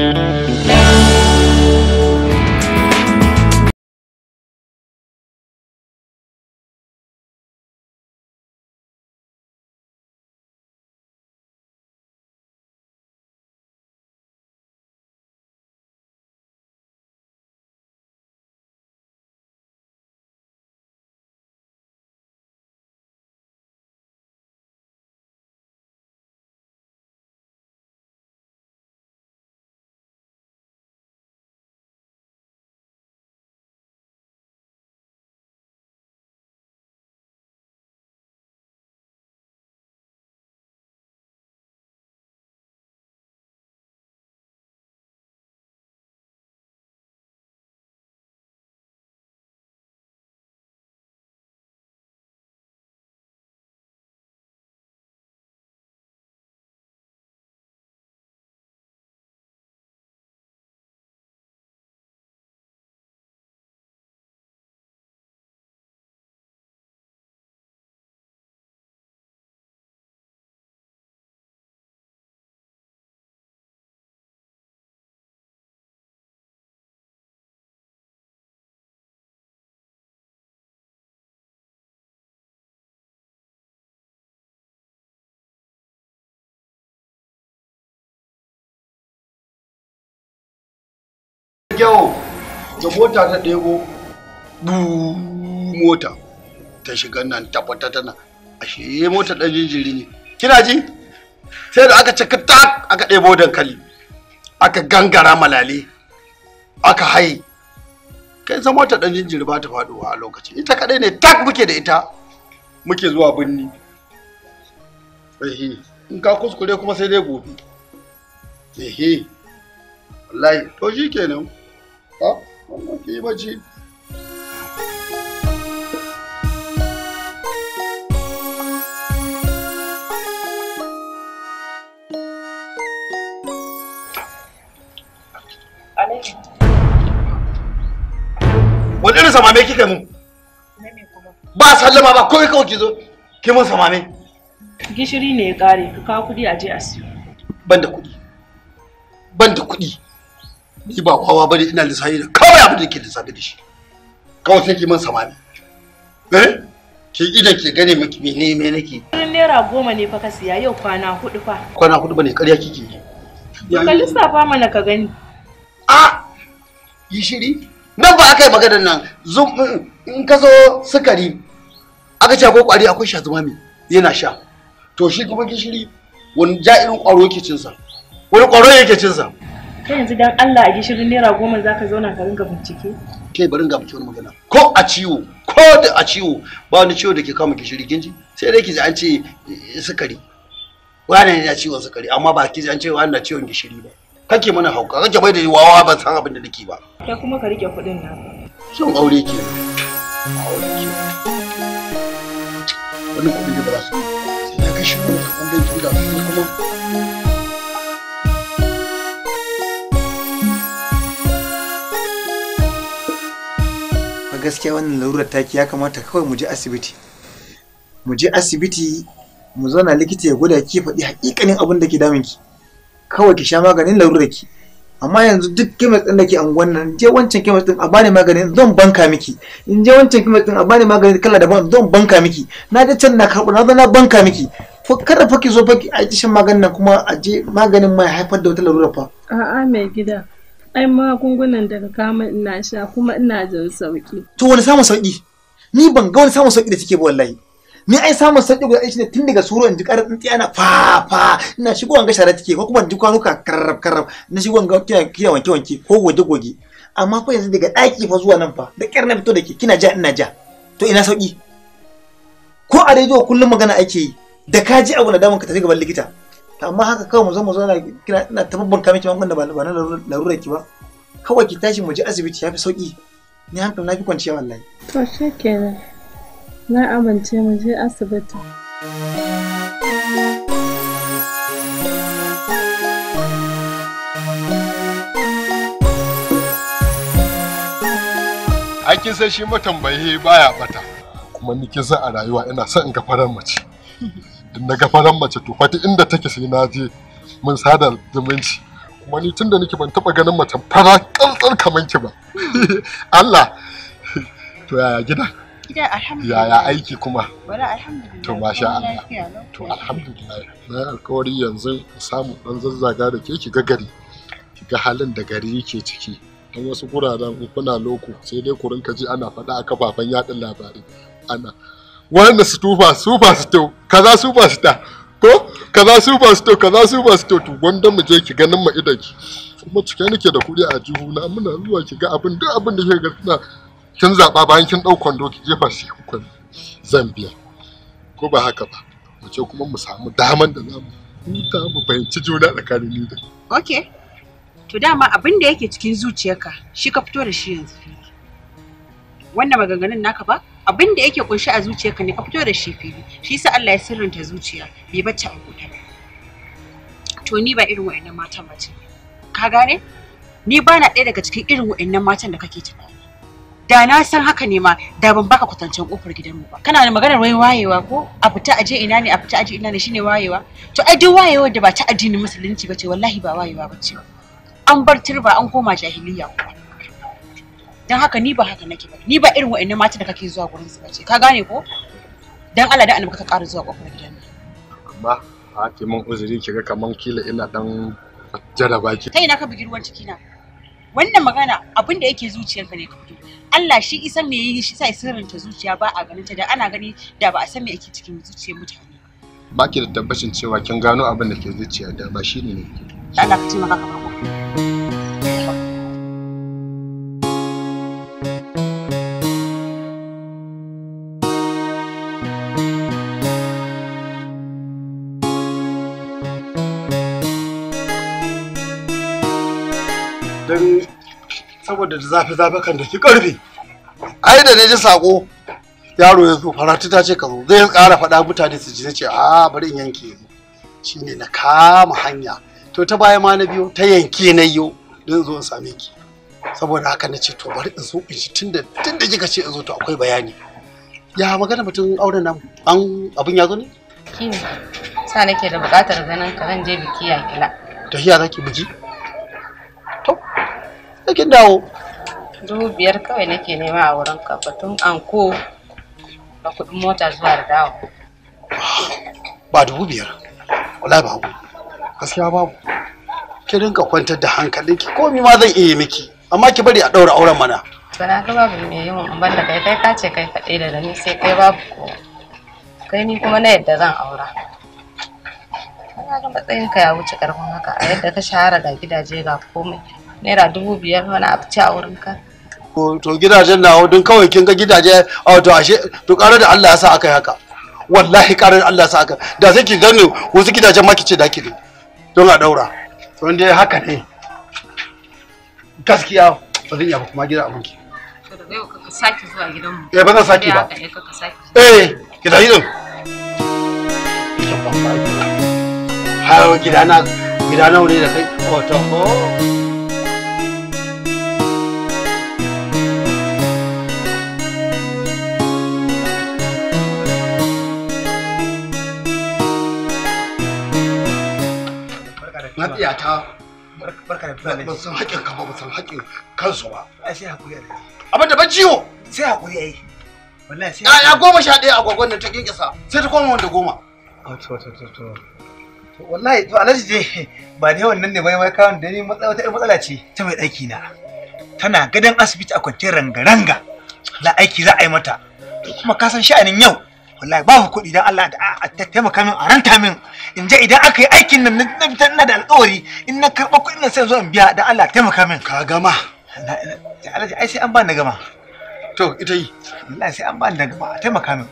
Thank you. Yau da mota ta ɗebo mota ta shiga nan ta fata tana ashe mota ɗan jinjiri ne kina ji sai da aka cika ta aka ɗebo dankali aka gangara malale aka haye kai san mota ɗan jinjiri ba ta faɗuwa a lokaci ita kaɗai ne tak muke da ita muke zuwa birni ehe in ka kuskure kuma sai dai gobe ehe wallahi to shi kenan Tá? Vamos aqui, Badi. Wani irin samame kika mun? Ba sallama ba kawai kawai ki zo. Ki mun samame. Gishiri ne ya kare, ka kawo kuɗi a je a siyo. Ban da kuɗi. Ban da kuɗi. ni ba kowa bane ina lissafi da kawai abin da ke lissafi da shi kawai sai ki man samani eh ki idan ki gane miki ne me nake kullun naira goma ne fa ka siya yau kwana hudu fa kwana hudu bane ƙarya kike yi ka lissafa mana ka gani a yi shiri nan ba aka yi maganar nan mm, in ka zo sukari aka ce ko kwari akwai sha zuma yana sha to shi kuma gishiri wani ja'irin kwaro yake cinsa wani kwaro yake cinsa ta yanzu dan Allah a gishirin naira goma za ka zauna ka ringa bincike ke bari ga bincike wani magana ko a ciwo ko da a ciwo ba wani ciwo da ke kama gishiri ginji sai dai ki ji an ce eh, sukari wani ne ciwon sukari amma ba ki ji an ce wani na ciwon gishiri ba kake mana hauka kake bai da wawa ban san abin da nake ba kai kuma ka rike kuɗin na. shin aure ke aure ke wannan kuɗin da ba za su sai ka shi mu ka ɓangaren ki da kuma gaskiya wannan larurar taki ya kamata kawai mu je asibiti mu je asibiti mu zauna likita ya gwada ki faɗi haƙiƙanin abin da ke damun ki kawai ki sha maganin larurar ki amma yanzu duk kemis ɗin da ke anguwan nan je wancan kemis ɗin a bani maganin zan banka miki in je wancan kemis ɗin a bani maganin kala daban zan banka miki na je can na karɓa na na banka miki kada fa ki zo fa ki a shan maganin nan kuma a je maganin mai haifar da wata larurar fa a'a mai gida ai magungunan daga kama ina sha kuma ina jin sauki to wani samun sauki ni ban ga wani samun sauki da take ba wallahi ni ai samun sauki guda ɗaya shine tun daga suro in ji ƙarar tsintsiya na fa fa ina shigo ga shara take ko kuma in ji kwanuka karrab karrab na shigo ga kiyan wanke wanke ko goge goge amma ko yanzu daga ɗaki fa zuwa nan fa da ƙyar na fito da ke kina ja ina ja to ina sauki ko a rediyo kullum magana ake yi da ka ji abu na damun ka tafi gaban likita amma haka kawai mu zama mu zauna kina ina ta babbanka da ba na larura ki ba kawai ki tashi mu je asibiti yafi sauki ni hankali na fi kwanciya wallahi to shikenan na amince mu je asibiti kin san shi matambaye baya bata kuma ni kin san a rayuwa ina son in ga farar mace Na na gafaran mace to fati inda take sai na je mun sada zumunci kuma ni tunda nake ban taba ganin mace fara kantsar kaman ki ba Allah to yaya gida gida alhamdulillah yaya aiki kuma wala alhamdulillah to masha Allah to alhamdulillah na alƙawari yanzu samu dan zazzaga da ke ki ga gari ki ga halin da gari yake ciki dan wasu guraren kuna loko sai dai ku rinka ji ana faɗa a kafafen yaɗin labarai ana wanda su tufa sufa su to kaza sufa su ta ko kaza sufa su to kaza sufa su to to wanda mu je ki ganin mu idan ki kuma cike nake da kuɗi a jihu na muna zuwa ki ga abin duk abin da ke ga kina kin zaba bayan kin dau kwando ki jefa shi hukun Zambia ko ba haka ba mu ce kuma mu samu daman da zamu huta mu fahimci juna tsakanin ni da okay to dama abin da yake cikin zuciyarka shi ka fito da shi yanzu wannan maganganun naka ba abin da yake kunshi a zuciyarka ne ka fito da shi fili shi yasa Allah ya sirrinta zuciya bai bacci a gode to ni ba irin wa'annan matan ba ce ka gane ni ba na ɗaya daga cikin irin wa'annan matan da kake tunani da na san haka ne ma da ban baka kwatancen kofar gidanmu ba kana da maganar wai wayewa ko a fita aje ina ne a fita aje ina ne shine wayewa to ai duk wayewar da ba ta addinin musulunci ba ce wallahi ba wayewa ba ce an bar turba an koma jahiliya kuma dan haka ni ba haka nake ba ni ba irin wa'annan mata da kake zuwa gurin su bace ka gane ko dan Allah da annabi ka ƙara zuwa kofar gidan nan amma a ke mun uzuri ga kaman kila ina dan jaraba ki kai na ka bugi ruwan ciki na wannan magana abin da yake zuciyarka ne ka fito Allah shi isan me yi shi sai sirrinta zuciya ba a ganin ta da ana gani da ba a san me yake cikin zuciyar mutane ba ki da tabbacin cewa kin gano abin da ke zuciya da ba shi ne Allah ka ce maka ka saboda zafi zafi kan da ki karfi ai da ji sako yaro ya zo faratu ta ce ka zo zai kara faɗa mutane su ji zai ce a bari in yanke yanzu shine na kama hanya to ta baya ma na biyo ta yanke na yo don zo in same ki saboda haka na ce to bari in zo in ji tunda tunda kika ce in zo to akwai bayani ya magana mutum auren nan an abin ya zo ne kini sa nake da buƙatar ganin ka zan je biki ya kila to hiya zaki biki kin dawo dubu biyar kawai nake nema a wurin ka batun anko da kuɗin mota zuwa da dawo ba dubu biyar wallahi babu gaskiya babu ki rinka kwantar da hankalinki komai ma zan iya miki amma ki bari a ɗaura auren mana sana ka babu mai yin umban da kai kai ka ce kai kaɗai da ni sai kai babu ko kai ni kuma na yadda zan aura kana ga matsayin ka ya wuce karfin haka a yadda ka shahara ga gidaje ga komai naira dubu biyar wani ci a wurin ka to gidajen na don kawai kin ga gidaje a to ashe to ƙara da Allah ya sa aka yi haka wallahi ƙara da Allah ya sa aka da sai ki gani wasu gidajen ma kice da ki ne don a daura to ya haka ne gaskiya ba zan iya ba kuma gida abinki ka sake zuwa gidanmu eh ba zan sake ba eh ki tafi din har gidana gidana wuri da kai ko to ko barka da tunanin ban san ba sai hakuri a da goma sha ɗaya nan ta kinkisa sai ta koma wanda goma wallahi to alhaji je da yawan nan ne bai mai kawon da ni matsala ce ta mai ɗaki na tana gadon asibiti a kwanciyar ranga-ranga na aiki za a yi mata kuma ka san sha'anin yau wallahi ba ku kuɗi dan Allah a taimaka min a ranta min in je idan aka yi aikin nan na fitar na da alƙawari in na karɓa kuɗin nan sai zo in biya dan Allah taimaka min ka gama Alhaji ai sai an ba ni gama to ita yi wallahi sai an ba ni gama a taimaka min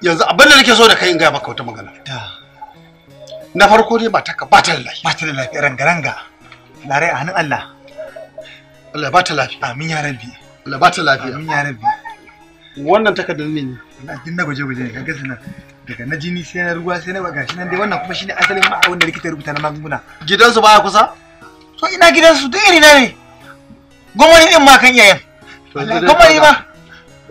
yanzu abin da nake so da kai in gaya maka wata magana na farko dai ka ba ta da lafiya ba ta da lafiya ranga ranga lare a hannun Allah Allah ba ta lafiya amin ya rabbi Allah ba ta lafiya amin ya rabbi wannan takardar ne ne na din na gwaje gwaje ne kaga daga na jini sai na ruwa sai na ba gashi nan dai wannan kuma shine asalin ma wanda likita rubuta na magunguna gidansu baya kusa to ina gidansu duk iri na ne gwamnati in ma kan iyayen ba. ma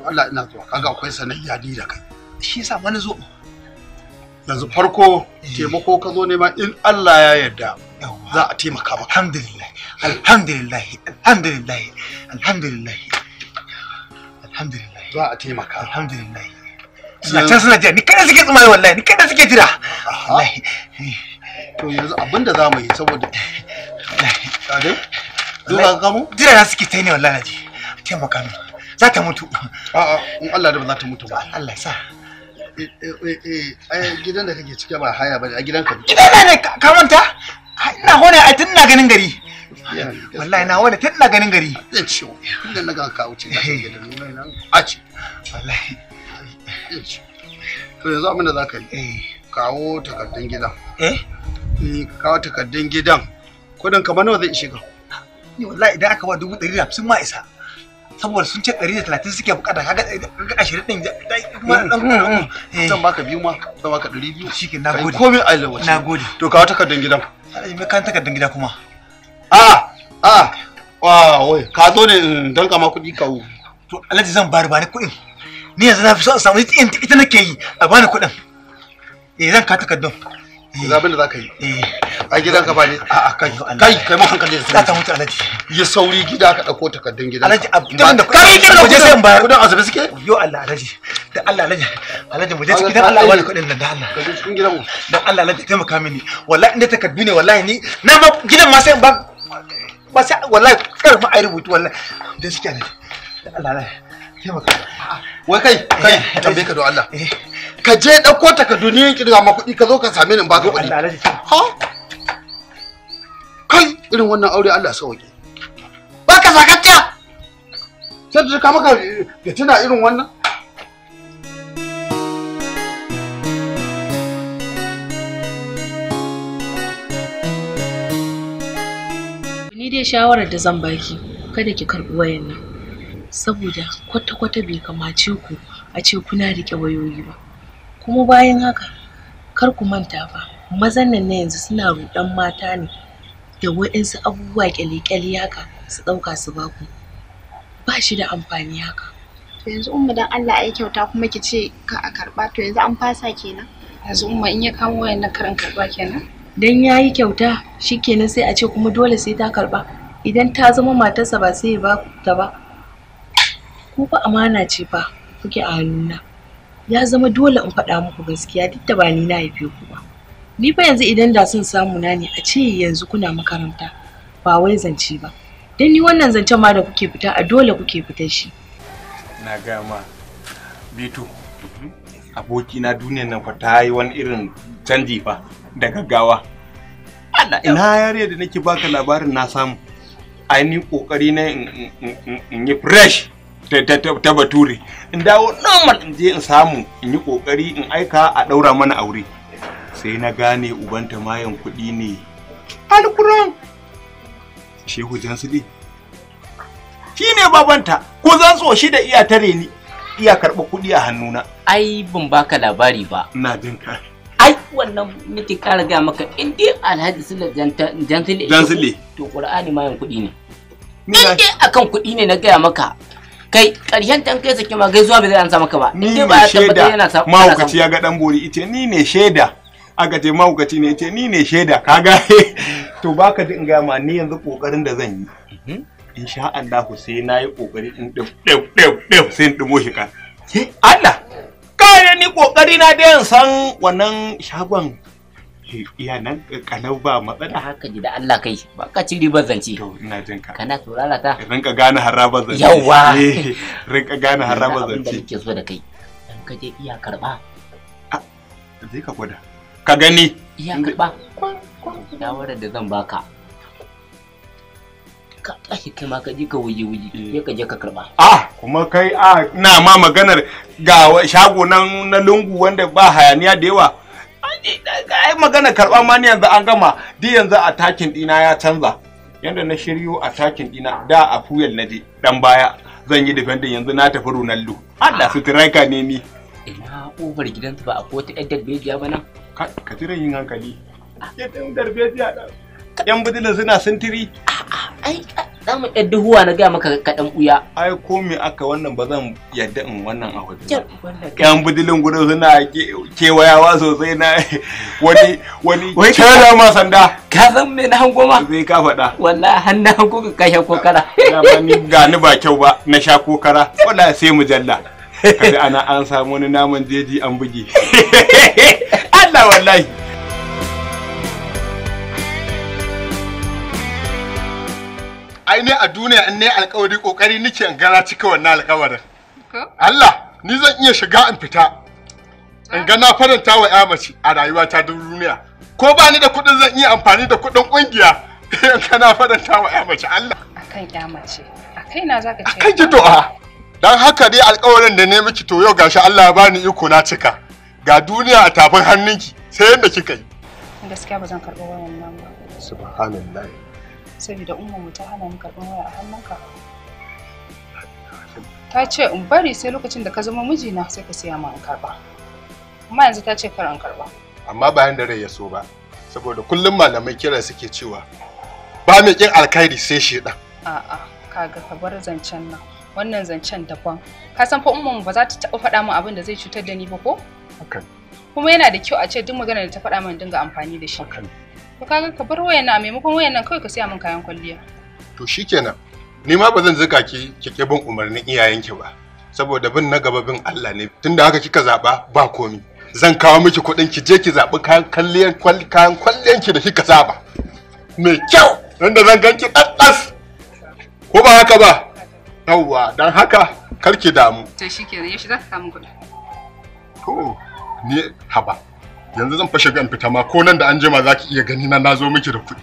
Allah ina zuwa kaga akwai sanayya ni da kai shi yasa wani zo yanzu farko eh. taimako ka zo ne ma in Allah ya yarda za a taimaka ba. alhamdulillah alhamdulillah alhamdulillah alhamdulillah alhamdulillah za a taimaka alhamdulillah suna can suna jira ni kada suke tsumari wallahi ni kada suke jira to yanzu abinda za mu yi saboda kage duba ga mu jira na suke tai ne wallahi naji taimaka mu za ta mutu a'a in Allah da ba za ta mutu ba Allah ya sa eh, eh, eh, gidan da kake cike ba haya ba a gidanka Gidan ne ka manta ina hona a tun ganin gari wallahi na wani tun na ganin gari zai ciwo wa? da na ga ka wuce ka sai gidan nuna nan a ci wallahi to yanzu abin da za ka yi eh. kawo takardun gidan eh, eh kawo takardun gidan kudin kamar nawa zai ishe ka wallahi idan aka ba dubu ɗari da hamsin ma isa saboda sun ce ɗari da talatin suke bukata kaga ashirin ɗin din kuma ɗan dan zan baka biyu ma zan baka 200 shike nagode komai a lawace nagode to kawo takardun gidan me kan takardun gida kuma Aa ah, a ah, ah, wai ka zo ne don kama kuɗi kawo to alhaji zan bari kuɗin ni yanzu na fi so a samu ita nake yi a bani kuɗin eh zan ka takardun eh. zaɓin da za ka yi eh. a gidan ka bani a kai kai kai mu hankali da sauri ta mutu alaji ya sauri gida ka dauko takardun gidan alaji da kai gidan da kuje sai bayar kudin azabi suke yo Allah alaji da Allah mu je cikin Allah wani nan da Allah ka je cikin gidan mu Allah taimaka mini wallahi inda takardu ne wallahi ni na gidan ma sai ba ba sai wallahi karfi ai rubutu wallahi gaskiya ne Allah na taimaka wai kai eh, kai tambaye ka don Allah eh. ka je dauko takardu ne yanki da ma kuɗi ka zo ka same ni ba ka kuɗi ha kai irin wannan aure Allah sauke ba ka sakacca sai da ka maka da eh, tana irin wannan dai shawarar da zan baki kada ki karɓi wayan saboda kwata-kwata bai kamace ku a ce kuna riƙe wayoyi ba kuma bayan haka kar ku manta fa mazan nan na yanzu suna ruɗan mata ne da waɗansu abubuwa ƙyale-ƙyale haka su ɗauka su baku ba shi da amfani haka to yanzu umma dan Allah ya kyauta kuma ki ce a karɓa to yanzu an fasa kenan yanzu umma in ya kawo wayan nan karin karɓa kenan Idan ya yi kyauta shikenan sai a ce kuma dole sai ta karba idan ta zama matarsa ba sai ba ta ba ku fa amana ce fa kuke a hannuna ya zama dole in faɗa muku gaskiya duk da ba ni na haife ku ba ni fa yanzu idan da sun samu na ne a ce yanzu kuna makaranta ba wai zance ba dan ni wannan zancen ma da kuke fita a dole kuke fitar shi na ma bitu abokina duniyar nan fa ta yi wani irin canji fa da gaggawa ina yare da nake baka labarin na samu ainihin kokari na in yi fresh ta bature in dawo normal in je in samu in yi kokari in aika a daura mana aure sai na gane ubanta mayan kuɗi ne alkuran shehu jansudi shi ne babanta ko zan so shi da iya tare ni iya karɓa kuɗi a hannuna ai ban baka labari ba ina ai wannan nake kara gaya maka in dai alhaji sule jansile jansile to qur'ani mayan kuɗi ne in dai akan kuɗi ne na gaya maka kai ƙarshen tan kai sake ma zuwa bai zai ansa maka ba in dai ba ya tabbata yana sa mahaukaci ya ga dan bori ite ni ne shaida aka ce mahaukaci ne ite ni ne shaida kaga to baka ji in gaya ma ni yanzu kokarin da zan yi mhm. insha Allah sai na yi kokari in dau dau dau sai in dumo shi ka Allah da ni kokari na da yan san wannan shagon iya nan kanau ba matsala haka ji da Allah kai ba ka ci ribar zance to ina jin ka kana turara ta eh, rinka gane harabar zance yawa eh, rinka gane harabar zance abin da so da kai dan ka je iya karba zai ka gwada ka gani iya karba shawarar da zan baka ka tashi kai ma ka je ka waje waje ya ka je ka karba ah kuma kai a ah, na ma maganar ga shago nan na lungu wanda ba hayaniya da yawa ai magana karba ma ni yanzu an gama di yanzu a takin dina ya canza yanda na shiryo a takin dina da a fuyel na je dan baya zan yi defending yanzu na tafi Ronaldo Allah ah. sutiraka ne ni ina kofar gidansu ba a ko ta yaddar bejiya ba nan ka tira yin hankali ah. darbejiya bejiya yan budulin suna sintiri Ah, ai ah, za mu ɗan duhuwa na gaya maka kaɗan ɓuya. Ai ko me aka wannan ba zan yadda in wannan a wajen. Yan budilin gudun suna kewayawa sosai na wani wani kyara ma sanda. Ka san me na hango ma? Zai ka faɗa. Wallahi har na hango ka kashe kokara. Ga ni ba kyau ba na sha kokara wala sai mujalla. Kaji ana an samu wani naman jeji an buge. Allah wallahi. ai ne a duniya in ne alkawari kokari nake in gana cika wannan alkawarin Allah ni zan iya shiga in fita in ga na faranta wa ya mace a rayuwa ta duniya ko ba ni da kuɗin zan iya amfani da kuɗin kungiya in ga na faranta wa ya mace Allah akan ya mace akai na zaka ce akai ki do'a dan haka dai alkawarin da ne miki to yau gashi Allah ya bani iko na cika ga duniya a tafin hannunki sai yanda kika yi gaskiya ba zan wannan ba subhanallah saboda mu ta hana ni karɓar waya a hannunka ta ce in bari sai lokacin da ka zama mijina sai ka siya min in karɓa amma yanzu ta ce kar in karɓa amma bayan da rai ya so ba saboda kullum malamai kira suke cewa ba mai kin alkhairi sai shi ɗan a'a kaga ka bar zancen nan wannan zancen daban ka san fa umman ba za ta taɓa faɗa min abin da zai cutar da ni ba ko kuma yana da kyau a ce duk magana da ta faɗa min dinga amfani da shi To kaga ka bar wayan nan maimakon wayan nan kawai ka siya min kayan kwalliya. To shikenan. Ni ma ba zan zuka ki kike bin umarnin iyayenki ba. Saboda bin na gaba bin Allah ne. Tunda haka kika zaba ba komi. Zan kawo miki kuɗin ki je ki zabi kayan kwalliyan kayan kwalliyan ki da kika zaba Mai kyau. Wanda zan ganki ɗaɗɗas. Ko ba haka ba? Yawwa, dan haka kar ki damu. To shikenan, yaushe za ka kawo kuɗin? To, ni haba. yanzu zan fashe gan fita ma ko nan da an jima za ki iya gani na nazo miki da kuɗi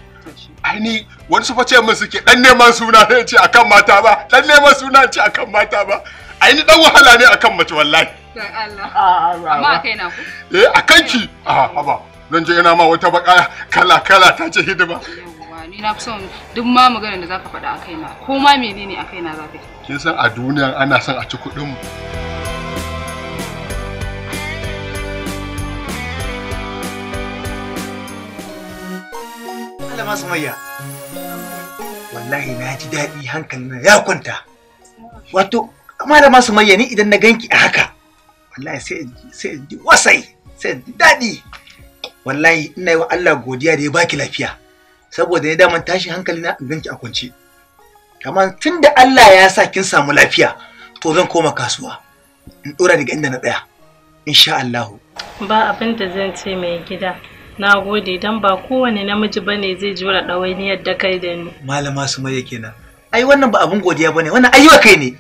ai ni wani su face min suke dan neman suna ne ce akan mata ba dan neman suna ce akan mata ba ai ni dan wahala ne akan mace wallahi dan Allah ah, ah, ah, amma kai na ku eh kan ki a haba zan je ina ma wata baka kala kala ta ce hidima ni na son duk ma maganar da zaka faɗa a kaina ko ma menene a kaina zaka yi kin san a duniya ana son a ci kuɗin mu Malama Sumayya. Wallahi na ji daɗi na ya kwanta. Wato, Malama Sumayya ni idan na ganki a haka. Wallahi sai sai ji wasai, sai ji daɗi. Wallahi ina yi wa Allah godiya da ya baki lafiya. Saboda ya daman tashi hankali na ganki a kwance. Kamar tun da Allah ya sa kin samu lafiya, to zan koma kasuwa. In ɗora daga inda na tsaya. Insha Allah. Ba abin da zan ce mai gida. na gode don ba kowane namiji ba ne zai jura ɗawainiyar da kai da ni malama su mai na ai wannan ba abun godiya ba ne wannan ayyuka kai ne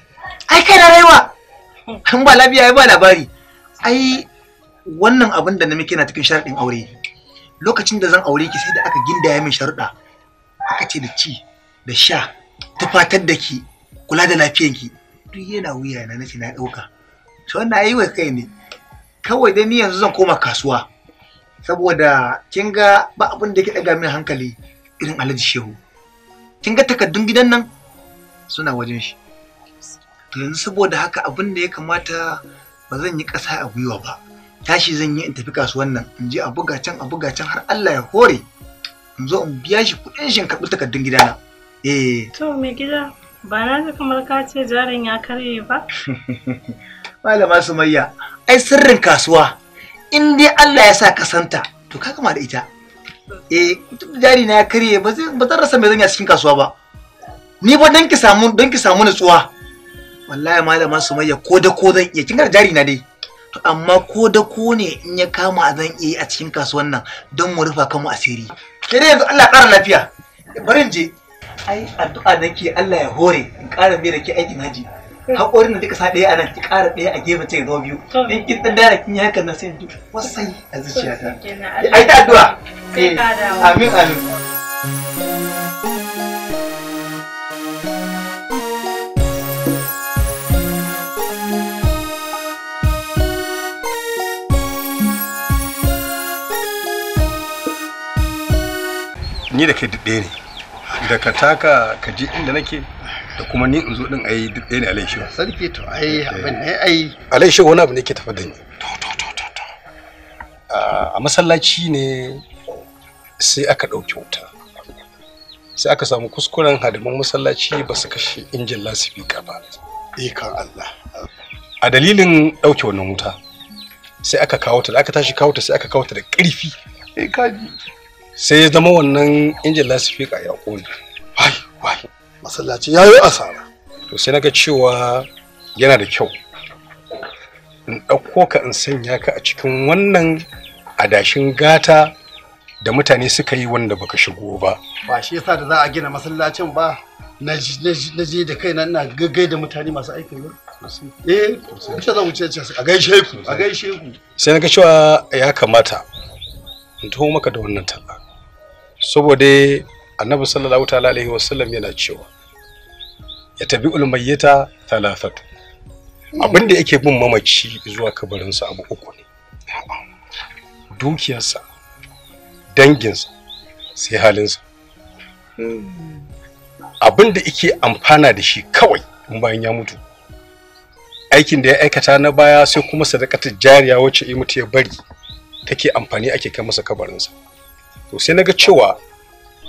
ai kai na rayuwa An ba lafiya ba labari ai wannan abin da namiji na cikin sharaɗin aure lokacin da zan aure ki sai da aka gindaya min sharuɗa aka ce da ci da sha tufatar da ki kula da lafiyanki duk yana wuya na nace na ɗauka to wannan ayyuka kai ne kawai dai ni yanzu zan koma kasuwa saboda kin ga ba abin da yake daga min hankali irin Alhaji Shehu kin ga takaddun gidan nan suna wajen shi to yanzu saboda haka abin da ya kamata ba zan yi ƙasa a gwiwa ba tashi zan yi in tafi kasuwan nan in je a buga can a buga can har Allah ya hore in zo in biya shi kuɗin shi in karɓi takardun gidana eh to mai gida ba na ji kamar ka ce jarin ya karye ba malama sumayya ai sirrin kasuwa in dai Allah ya sa kasanta, santa to ka kama da ita eh duk jari na karye ba zan rasa mai zan zanya cikin kasuwa ba ni ba dan ki samu dan ki samu nutsuwa wallahi malama sumayya ko da ko zan iya kin ga jari na dai to amma ko da ko ne in ya kama zan iya a cikin kasuwan nan don mu rufa kanmu asiri ke dai yanzu Allah ƙara lafiya bari in je ai addu'a nake Allah ya hore in kara mai da ke aikin haji haƙorin da duka sa ɗaya a ki ƙara ɗaya a gefe ce zo biyu in kin dan dara kin yi hakan na sai duk wasai a ta ai ta addu'a eh. amin amin ni da kai duk ɗaya ne daga taka ka je inda nake da kuma ni in zo din ai duk ɗaya ne alai shehu sarki to ai eh, eh. abin ne ai alai wani abu ne ke tafi da ni to to to to to a masallaci ne sai aka ɗauki wuta sai aka samu kuskuren hadiman masallaci ba su kashe injin lasifika ba ikan Allah a dalilin ɗauke wannan wuta sai aka kawo ta da aka tashi kawo ta sai aka kawo ta da ƙarfi eh, sai ya zama wannan injin lasifika ya ƙone wai wai masallaci ya yi asara to sai naga cewa yana da kyau in ɗauko ka in sanya ka a cikin wannan adashin gata da mutane suka yi wanda baka shigo ba ba shi yasa da za a gina masallacin ba na je da kaina ina gaggai da mutane masu aikin ba eh kusa za wuce ce a gaishe ku a gaishe ku sai naga cewa ya kamata in taho maka da wannan talla saboda annabi sallallahu ta'ala alaihi wasallam yana cewa ya tabi ulmayyata talafatu abin da yake bin mamaci zuwa kabarinsa abu uku ne dukiyarsa danginsa sai halinsa hmm. abinda da yake amfana da shi kawai in bayan ya mutu aikin da ya aikata na baya sai kuma sadakatar jariya wacce ya mutu ya bari take amfani ake kai masa kabarinsa to sai na ga cewa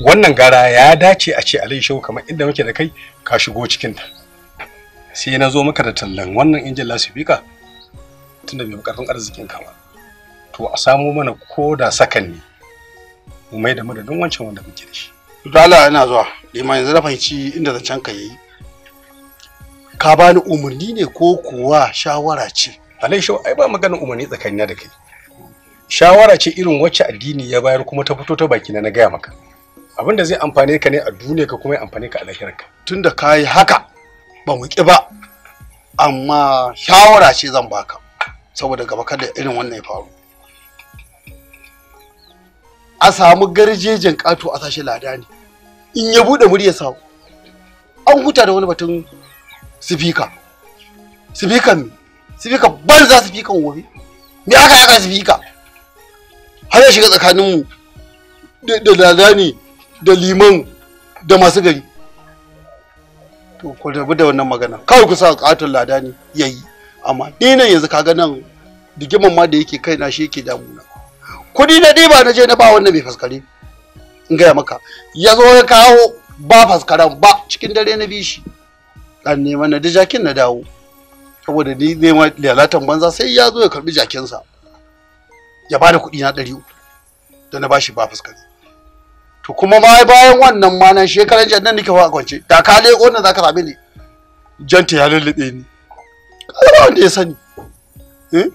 wannan gara ya dace a ce alayhi shehu kamar inda muke da kai ka shigo cikin ta sai na zo maka da tallan wannan injin lasifika tunda bai karfin arzikin ka ba to a samo mana ko da sakan ne mu mai da madadin wancan wanda muke da shi to Allah ina zuwa lima yanzu na fahimci inda zancen ka yayi ka bani umarni ne ko kuwa shawara ce alayhi shehu ai ba maganin umarni tsakanina da kai shawara ce irin wacce addini ya bayar kuma ta fito ta baki na na gaya maka abin da zai amfane ka ne a duniya ka kuma ya amfane ka a lahirarka tunda ka yi haka ban wuƙi ba amma shawara ce zan baka saboda gaba kada irin wannan ya faru a samu garjejen ƙato a sashe lada ne in ya buɗe murya sa an huta da wani batun sifika sifikan me sifika banza sifikan wofi me aka yaka sifika har ya shiga tsakaninmu da lada ne da liman da masu gari to ku rabu da wannan magana kawai ku sa katon lada ne yayi amma ni nan yanzu kaga nan digiman ma da yake na shi yake damuna kudi na ɗiba na je na ba wannan bai faskare in gaya maka ya zo ya kawo ba faskaren ba cikin dare na bi shi dan ne na da jakin na dawo saboda ni ma lalatan banza sai ya zo ya karbi jakinsa ya bada kuɗi na ɗari uku da na bashi ba fuskari to kuma ma bayan wannan ma nan shekaran jan nan nake fa kwance da ka leko nan zaka same ni janta ya lullube ni kada wanda ya sani eh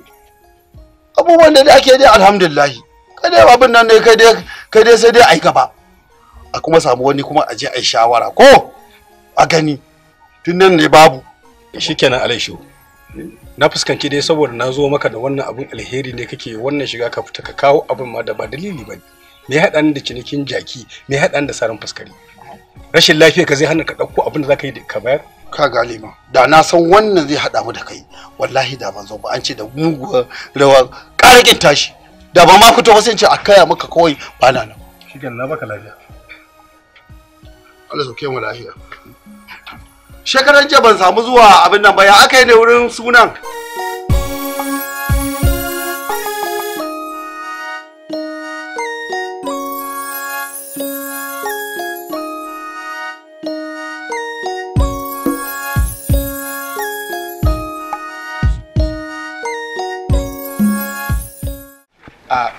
abubuwan da ake dai alhamdulillah kada abin nan ne kai dai kai dai sai dai ai gaba a kuma samu wani kuma a je ai shawara ko a gani tun nan ne babu shikenan alaishu na fuskanci dai saboda na zo maka da wannan abun alheri ne kake wannan shiga ka fita ka kawo abin ma da ba dalili ba ne me ya haɗa da cinikin jaki me ya haɗa da sarin fuskari rashin lafiya ka zai hana ka ɗauko abin da za ka yi ka bayar ka galima da na san wannan zai haɗa mu da kai wallahi da ban zo ba an ce da muguwar rawa ƙarakin tashi da ba ma fito ba sai ce a kaya maka kawai ba na nan shi na baka lafiya Allah sauke mu lafiya shekaran jiya ban samu zuwa abin nan ba ya aka yi ne wurin sunan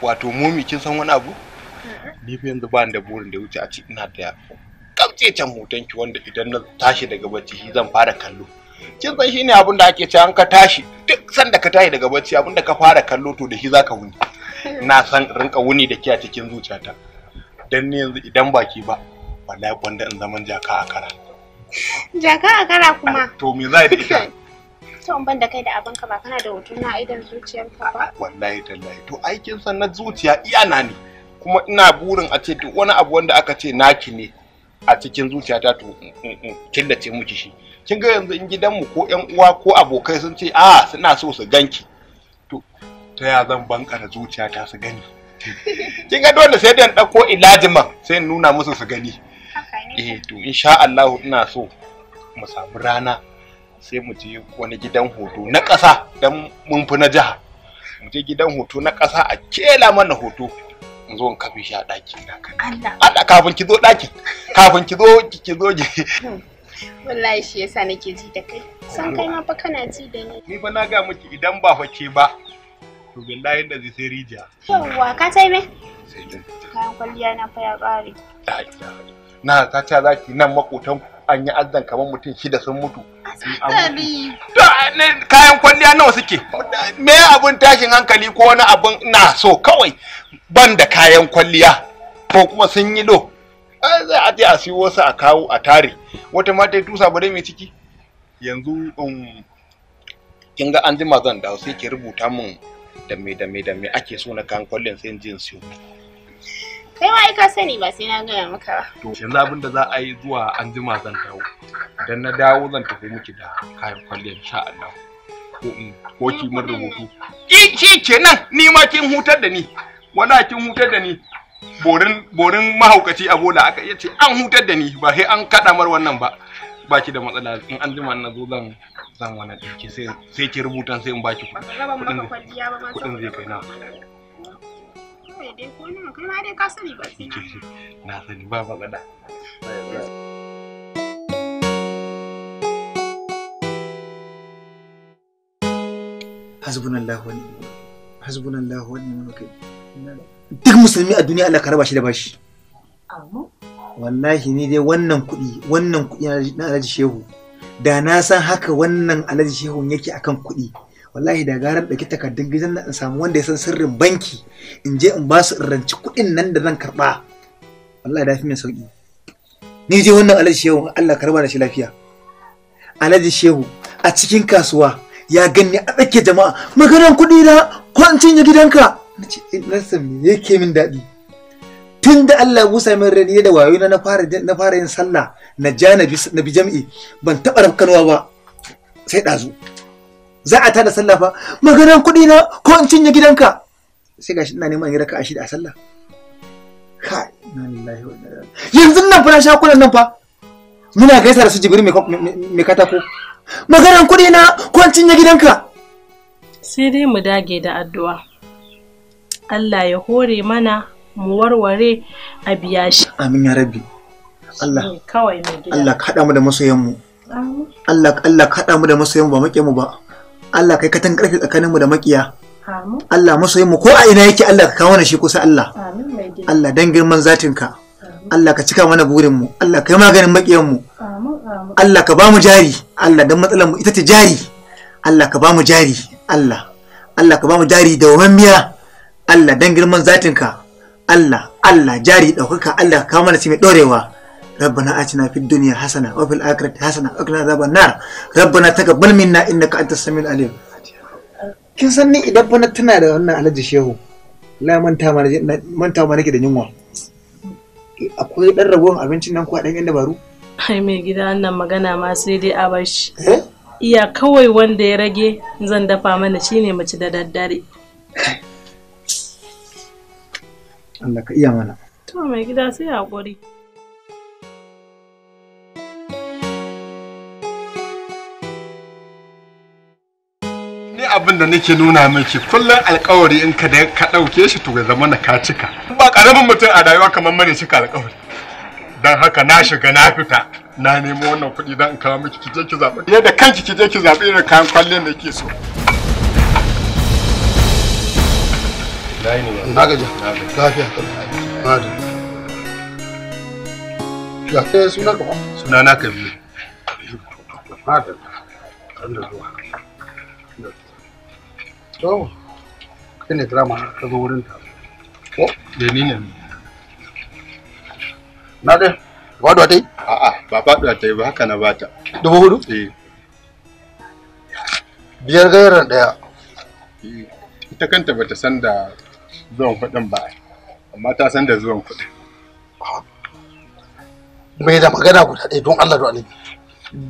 wato momi kin san wani abu ni fa yanzu ba ni da burin da wuce a ci ina da kauce can hoton ki wanda idan na tashi daga bacci shi zan fara kallo kin san shine abin da ake cewa ka tashi duk sanda ka tashi daga bacci abin da ka fara kallo to da shi zaka wuni ina san rinka wuni da ke a cikin zuciyata dan ni yanzu idan baki ba wallahi kwanda in zaman jaka a kara jaka a kara kuma to me za da ita to ban da kai da abin ka ba kana da hoton na idan zuciyarka ba wallahi tallahi to aikin san na zuciya iya na ne kuma ina burin a ce duk wani abu wanda aka ce naki ne a cikin zuciyata to killace miki shi kin ga yanzu in gidanmu ko yan uwa ko abokai sun ce a ah, suna so su ganki to ta ya zan bankara zuciyata su gani kin ga dole sai dan dauko ilajiman sai in nuna musu su gani eh to insha Allah ina so mu samu rana sai mu je wani gidan hoto na ƙasa don mun fi na jiha mu je gidan hoto na ƙasa a kela mana hoto in zo in kafe shi a ɗaki na Allah kafin ki zo ɗakin kafin ki zo ki zo wallahi shi yasa nake ji da kai san kai ma fa kana ji da ni ni fa na ga miki idan ba fa ke ba to billahi da zai sai rijiya yawwa ka sai me kayan kwalliya na fa ya ƙare na ta ta zaki nan makotanku an yi azan kamar mutum shida sun mutu. Kayan kwalliya nawa suke? Me abun tashin hankali ko wani abun na so kawai ban da kayan kwalliya ko kuma sun yi do. Za a je a siyo wasu a kawo a tare. Wata mata ya tusa bare mai ciki. Yanzu um, kin ga an jima zan dawo sai ki rubuta mun da me da me da me ake so na kayan kwallon sai jin siyo. kai wai ka sani ba sai na gaya maka ba to yanzu abin da za a yi zuwa an jima zan dawo idan na dawo zan tafi miki da kayan kwalliyar sha Allah ko in ko ki min rubutu ki ki kenan ni ma kin hutar da ni wala kin hutar da ni borin borin mahaukaci a bola aka iya ce an hutar da ni ba sai an kada mar wannan ba baki da matsala in an jima na zo zan zan wani ɗauki sai ki rubutan sai in baki kuɗin zai kai na sai dai ko nan kai ma dai ka sani ba sai na sani ba magana hasbunallahu wa ni'mal hasbunallahu wa ni'mal wakil duk musulmi a duniya Allah ka raba shi da bashi wallahi ni dai wannan kuɗi wannan kuɗi na alhaji shehu da na san haka wannan alhaji shehun yake akan kuɗi wallahi da garan ɗauki takardun gidan na in samu wanda ya san sirrin banki in je in ba su in ranci kuɗin nan da zan karɓa wallahi da fi min sauƙi ni je wannan alhaji shehu Allah karba da shi lafiya alhaji shehu a cikin kasuwa ya ganni a tsakiyar jama'a maganan kuɗi na ko in cinye gidanka eh, na san me yake min daɗi tun da Allah busa min rani da wayo na fara na fara yin sallah na ja na bi jam'i ban taɓa rafkanwa ba sai ɗazu. za a tada sallah fa maganan kuɗi na ko in cinye gidanka sai gashi ina neman raka a shida a sallah yanzu nan fa na sha kuɗin nan fa muna gaisa da su jibiri mai katako maganan kuɗi na ko in cinye gidanka sai dai mu dage da addu'a Allah ya hore mana mu warware a biya shi amin ya rabbi Allah kawai mai gida Allah kaɗa mu da masoyan mu Allah Allah kaɗa mu da masoyan ba maƙe mu ba Allah kai katan karfi tsakaninmu da makiya Allah masoyin mu ko a ina yake Allah ka kawo shi kusa Allah Allah dan girman zatinka Allah ka cika mana burin mu Allah kai maganin makiyan mu Allah ka ba mu jari Allah dan matsalar mu ita ce jari Allah ka ba mu jari Allah Allah ka ba mu jari da wammiya Allah dan girman zatinka Allah Allah jari ɗaukaka Allah ka kawo mana shi mai ɗorewa ربنا آتنا في الدنيا حسنة وفي الآخرة حسنة وقنا عذاب النار ربنا تقبل منا إنك أنت السميع العليم kin san ni idan fa na tuna da wannan Alhaji Shehu la manta mana manta ma nake da yunwa akwai dan ragowar abincin nan ko dan yan dabaru ai mai gida wannan magana ma sai dai a bar shi eh? iya kawai wanda ya rage zan dafa mana shine mace da daddare Allah ka iya mana to mai gida sai hakuri abin da nake nuna miki kullum alkawari in ka ka dauke shi to ga zama na ka cika ba karamin mutum a rayuwa kamar mare cika alkawari dan haka na shiga na fita na nemo wannan kuɗi dan in kawo miki kije ki zaɓi da kanki kije ki zaɓi irin kayan kwalliyar da kike so na gaji lafiya ya kai suna ka ba suna na kabiru madalla to kai ne kira masu ka wurin ta ko da eh, ni ne na dai faduwa a a'a ba haka na bata eh biyar eh, ita kanta bata san da zuwan kuɗin ba amma da magana guda ɗaya don Allah da Annabi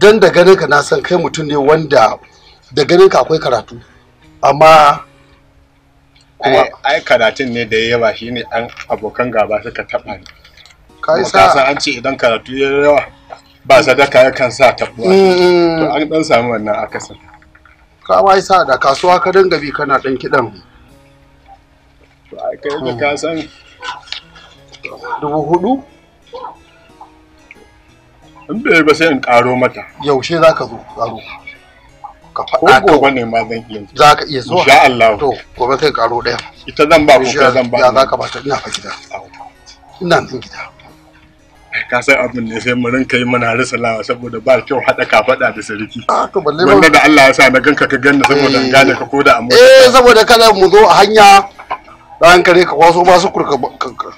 dan da ka na san kai mutum ne wanda da ganin ka akwai karatu amma kuma ai karatun ne da yawa shine an abokan gaba suka taba ni kai sa an ce idan karatu ya yawa ba sadaka ya kan sa tabuwa mm, mm. to an dan samu wannan akasin ka wai sa da kasuwa ka dinga bi kana dan kidan to ai kai da ka san dubu hudu in bai ba sai in karo mata yaushe zaka zo karo ka faɗa ka wani ma zan iya za ka iya zuwa insha Allah to gobe kai karo ɗaya ita zan ba ko kai zan ba ya za ka ba ta ina fa gida ina nan gida ka san abin ne sai mu rinka yi mana risalawa saboda ba kyau haɗa ka faɗa da sarki ah, wanda da Allah ya sa na ganka ka ganna saboda in gane ka koda amma eh saboda kada mu zo a hanya ran kare ka kwaso ba su kurka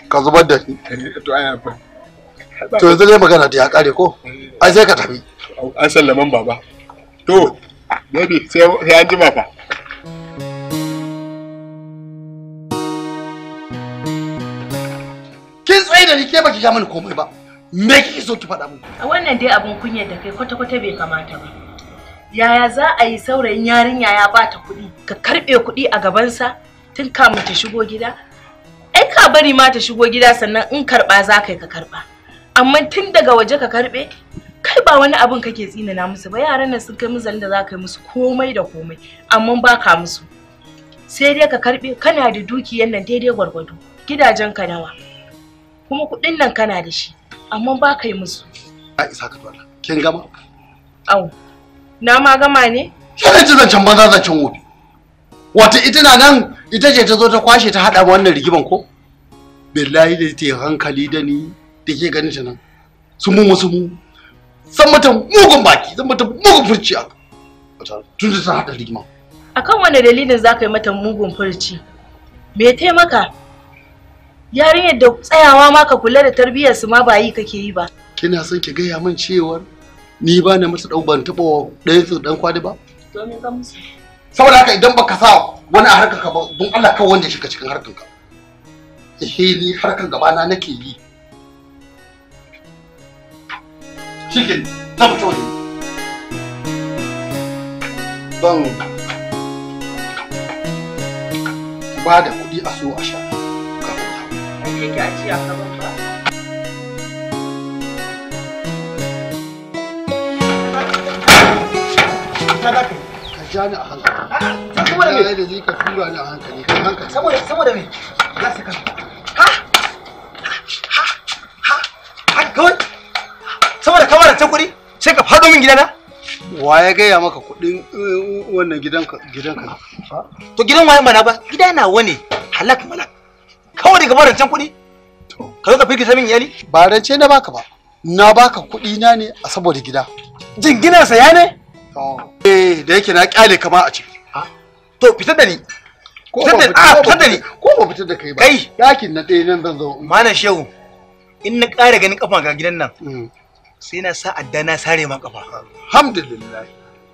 ka zubar da ni. Eh, to aya fa to yanzu dai magana da ya kare ko ai sai ka tafi an sallaman baba to Baby, sai an jima fa. Kin tsaye da ni ke baki ja mani komai ba. Me kike so ki faɗa mun? A wannan dai abun kunya da kai kwata-kwata bai kamata ba. Yaya za a yi saurayin yarinya ya ba ta kuɗi, ka karɓe kuɗi a gabansa tun kamun ta shigo gida? Ai ka bari ma ta shigo gida sannan in karɓa za ka yi ka karɓa. Amma tun daga waje ka karɓe, kai ba wani abin kake tsinana musu ba yaran nan sun kai muzalin da za ka yi musu komai da komai amma ba ka musu sai dai ka karbe kana da dukiyar nan daidai gwargwado gidajen ka nawa kuma kuɗin nan kana da shi amma ba ka yi musu a isa ka tola kin gama au na ma gama ne sai ji zancen banza zancen wobi wata ita na nan ita ce ta zo ta kwashe ta haɗa wannan rigiban ko billahi da ta hankali da ni da ke ganin ta nan sumu musumu zan mata mugun baki zan mata mugun furciya tun da sun haɗa rigima A kan wani dalilin za ka yi mata mugun furci me taimaka yarinyar da tsayawa ma ka kula da tarbiyyar su ma ba yi kake yi ba kina son ki gaya min cewar ni ba na masa ban taɓa ɗayan su ɗan kwadi ba domin ka musu saboda haka idan baka sa wani a harkar ka ba don Allah kawai wanda ya shiga cikin harkar ka ehe ni harkar gaba na nake yi shi na ban ba da kuɗi a so a sha kafin Ka ja a hankali. a hankali. Ha? Ha? Ha? Ha? saboda kamar ta kuɗi sai ka faɗo min gidana wa ya gaya maka kuɗin eh, wannan gidanka gidanka to gidan waye mana ba gida na wani halak malak kawai daga barin can kuɗi ka zo ka firgita min iyali ba rance na baka ba na baka kuɗi na ne a saboda gida sa ya ne eh da yake na kyale kama a ciki to fitar da ni fitar da ni ko ba fitar ah, da kai ba kai yakin na ɗaya nan zan zo mana shehu in na ƙara ganin kafa ga gidan nan mm. sai na sa adda sare ma kafa alhamdulillah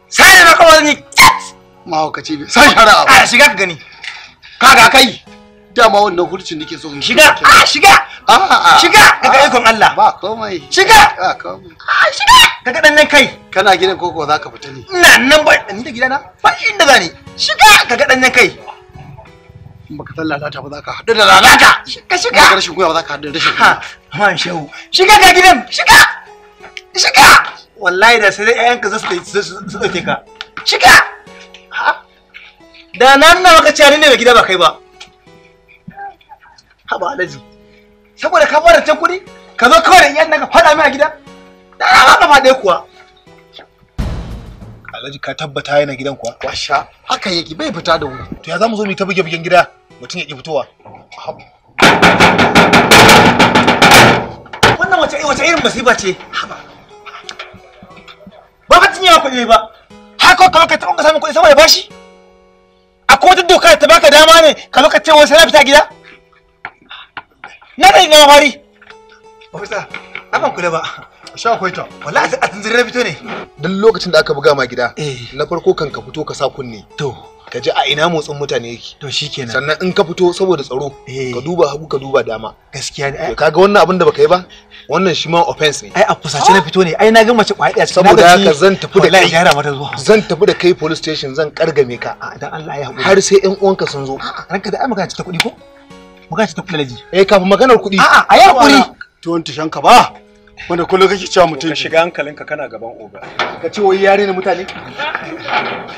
sare ma kafa ni ma mahaukaci ce sai shari'a ba shiga ka gani kaga kai dama wannan hurcin nake so shiga a shiga shiga kaga ikon Allah ba komai shiga ba komai shiga kaga dan nan kai kana gidan koko zaka fita ne ina nan ba ni da gidana ba inda zani shiga kaga dan nan kai in baka san lalata ba za ka haɗu da lalata ka shiga ka shiga ba za ka haɗu da rashin ha ha shehu shiga ga gidan shiga shiga wallahi da sai ƴaƴanka za su ɗauke ka shiga da na nuna maka cewa ne mai gida ba kai ba haba alaji saboda ka fara can kuɗi ka zo kawai da iyan nan ka faɗa min a gida da na haɗa ma ɗaya kuwa alhaji ka tabbata yana gidan kuwa washa haka yake bai fita da wuri to ya zamu zo mu ta buge bugen gida mutum ya ki fitowa wannan wace irin masifa ce haba ba ka cinye kuɗi ba haka kuma ka taɓa samun kuɗi saboda bashi akwai wata doka ta baka dama ne ka zo ka ce wani sai fita gida na da ina fari ofisa aban kula ba sha akwai ta wallahi a tsinzirin na fito ne dan lokacin da aka buga ma gida eh. na farko kan ka fito ka sa kunne to ka ji a ina motsin mutane yake to shikenan sannan in ka fito saboda tsaro eh. ka duba hagu ka duba dama gaskiya ne kaga wannan abin da baka yi ba wannan shi ma offense ne ai a kusace na fito ne ai na ga mace kwaya daya saboda haka zan tafi da kai gyara mata zuwa zan tafi da kai police station zan kargame ka dan Allah ya hakuri har sai ƴan uwanka sun zo ranka da ai magana ta kuɗi ko magana ta kuɗi eh kafin maganar kuɗi a'a ai haƙuri to wanta ka ba wanda kullum kake cewa mutum ka shiga hankalinka kana gaban oga ka ce wai yare ne mutane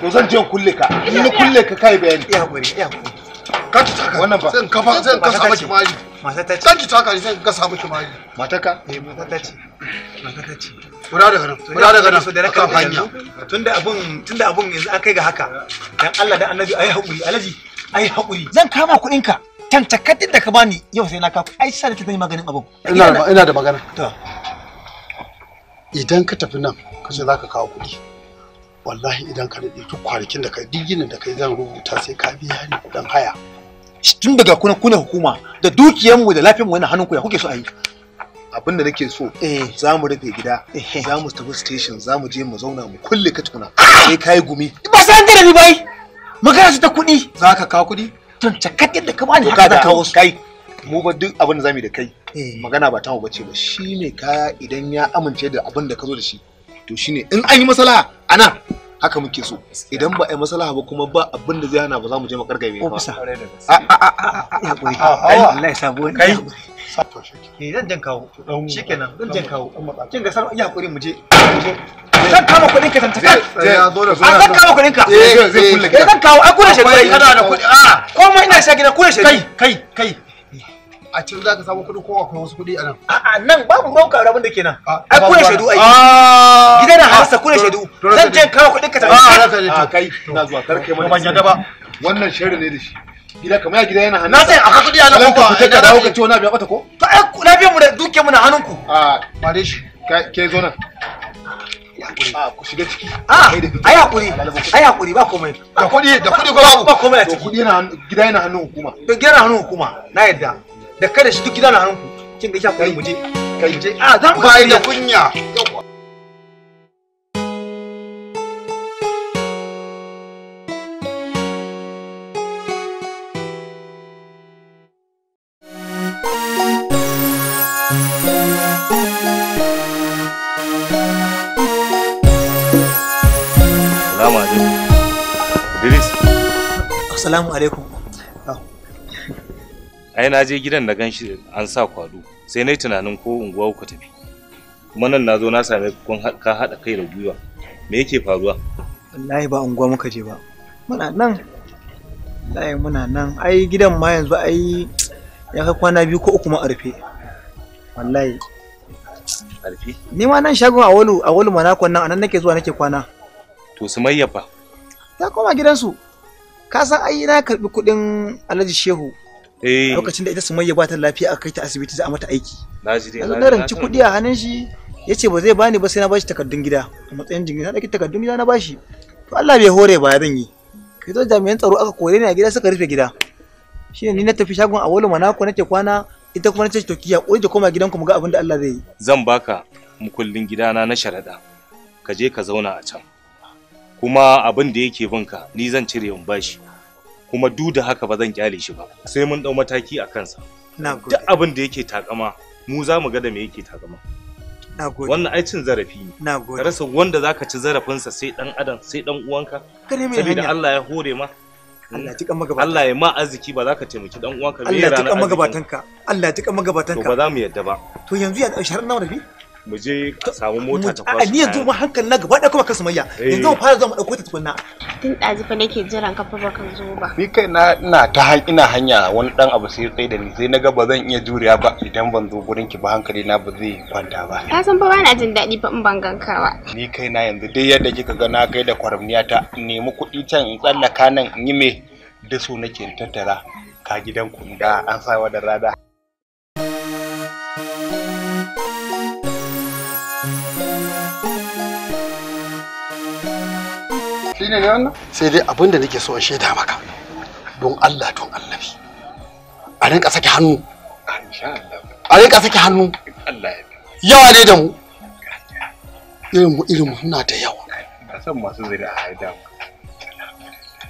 to zan je kulle ka ni kulle ka kai bayani iya gore iya ka ta taka wannan ba zan kafa zan kasa miki mali mata ta ce kan ki taka zan kasa miki mali mata ka eh mata ta ce mata ta ce kura da garin kura daga nan da raka hanya tunda abun tunda abun yanzu an kai ga haka dan Allah da annabi ayi hakuri alaji ayi hakuri zan kama kuɗin ka tantakadin da ka bani yau sai na kafa ai sai da ta yi maganin abu ina da magana to idan ka tafi nan ka ce za ka kawo kuɗi wallahi idan ka daɗe duk kwanakin da kai duk ginin da kai zan rubuta sai ka biya ni kuɗin haya tun daga kuna kuna hukuma da dukiyarmu da lafiyar mu na hannun ku ya kuke so a yi abin da nake so eh. za mu rufe gida eh. za mu tafi station za mu je mu zauna mu kulle ka tukuna sai kai gumi ba an da ni bai magana ta kuɗi za ka kawo kuɗi tun cakakken da ka bani haka da ka kawo kai mu ba duk abin da zamu da kai magana ba tamu bace ba shi ne kaya idan ya amince da abin da ka zo da shi to shine in an yi masala ana haka muke so idan ba a yi masala ba kuma ba abin da zai hana ba za mu je mu kargaye ba a a a a ya koyi Allah ya sabo ni kai sato shi ne zan jan kawo shikenan zan jan kawo kin ga sar ya hakuri mu je zan kama kuɗin ka tantaka ya zo da zuwa zan kama kuɗin ka zai kulle zan kawo a kula shi kai kana da kuɗi a komai ina shi gida kula shi kai kai kai a can za ka samu kuɗi ko akwai wasu kuɗi a nan. A'a nan babu ban kawo da ke nan. Ah, ai kuna shaidu ai. Ah. Gidan ah, na harsa kuna shaidu. Zan je kawo kuɗin ka tafi. A'a kai na zuwa kar kai mana. Ban yadda Wannan sharri ne da shi. Gida kamar ya gida yana hannu. Na sai akwai kuɗi a nan ko ka da ka ce wani abu ya bata ko? To ai lafiyar mu da duke mu na hannun ku. A'a bare shi. Ke zo nan. ku shiga ciki a ai hakuri ai hakuri ba komai da kudi da kudi ko babu ba komai a ciki kudi na gida yana hannun hukuma to gida na hannun hukuma na yadda da kada shi duk gida na hannunku kin ga shi mu je kai mu je a za mu bai da kunya Assalamu alaikum. ai na je gidan na ganshi an sa kwado sai na tunanin ko unguwa ku tafi kuma nan na zo na same kun ka haɗa kai da gwiwa me yake faruwa wallahi ba unguwa muka je ba muna nan wallahi muna nan ai gidan ma yanzu ai ya kai kwana biyu ko uku ma a rufe wallahi ni ma nan shagon a awalu manakon nan anan nake zuwa nake kwana to su mayyafa ta koma gidansu ka san ai na karbi kudin Alhaji Shehu Eh. lokacin da ita sumayya ba ta lafiya aka kai ta asibiti za a mata aiki yanzu na ranci kuɗi a hannun shi ya ce ba zai bani ba sai na bashi takardun gida a matsayin jingina na takardun gida na bashi to Allah bai hore ba zan yi kai zo jami'an tsaro aka kore ni a gida suka rufe gida shi ni na tafi shagon a wani manako nake kwana ita kuma nace to kiya haƙuri da koma gidanku mu ga abin da Allah zai yi zan baka mukullin gidana na sharada. ka je ka zauna a can kuma abin da yake binka ni zan cire in bashi kuma duk da haka ba zan kyale shi ba sai mun dau mataki a kansa duk abin da yake takama mu za mu ga da me yake takama wannan ai cin zarafi ne ka rasa wanda zaka ci zarafinsa sai dan adam sai dan uwanka saboda Allah ya hore ma Allah tika magabatan Allah ya ma arziki ba za ka taimaki dan uwanka Allah tika magabatan ka Allah tika magabatan ka to ba za mu yadda ba to yanzu ya shahar nawa rabi mu je ka samu mota ta kwasu. Ni yanzu ma hankali na gaba da kuma kasu mayya. Eh. Yanzu mu fara zama ɗauko ta tukunna. Tun ɗazi fa nake jiran ka fa baka zo ba. Ni kai na ina ta ina hanya wani dan abu sai tsaye da ni sai na ga ba zan iya juriya ba idan ban zo gurin ki ba hankali na ba zai kwanta ba. Ka san fa bana jin daɗi fa in ban ganka ba. Ni kai na yanzu dai yadda kika ga na kai da ta nemi kuɗi can in tsallaka nan in yi me da so nake tattara ka gidan ku da an sa wa da rada. shine ne wannan sai dai abin da nake so in shaida maka don Allah don Annabi a rinka saki hannu a rinka saki hannu yawa ne da mu irin mu irin mu suna da yawa ka san masu zuri a haida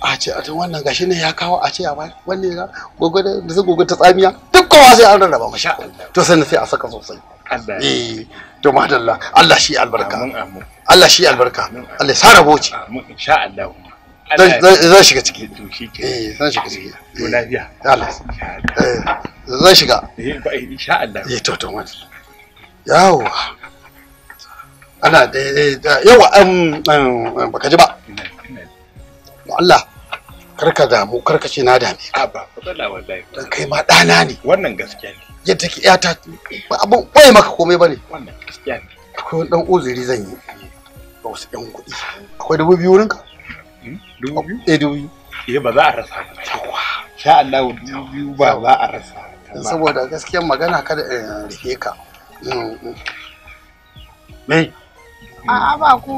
a ce a wannan gashi ne ya kawo a ce a bai wanne ya gogo da da gogo ta tsamiya duk kowa sai an rarraba masha Allah to sannan sai a saka sosai Allah eh to madalla Allah shi albarka amin amin Allah shi albarka Allah sa rabo ce insha Allah zan shiga ciki to shi eh zan shiga ciki to lafiya eh, Allah eh zan shiga eh, eh insha Allah eh to to wani yawa ana eh, da yawa an baka ji ba Allah karka damu karka ce na dame ka ba Allah wallahi dan kai ma dana ne wannan gaskiya ne yadda ki yata ba abun bai maka komai bane wannan gaskiya ne ko dan uzuri zan yi ga wasu yan kuɗi akwai dubu biyu wurinka hmm? dubu biyu eh dubu biyu eh ba za a rasa ba sha Allah dubu biyu ba za a rasa saboda gaskiyar magana kada in eh, rike ka mm, mm. me a'a ba ku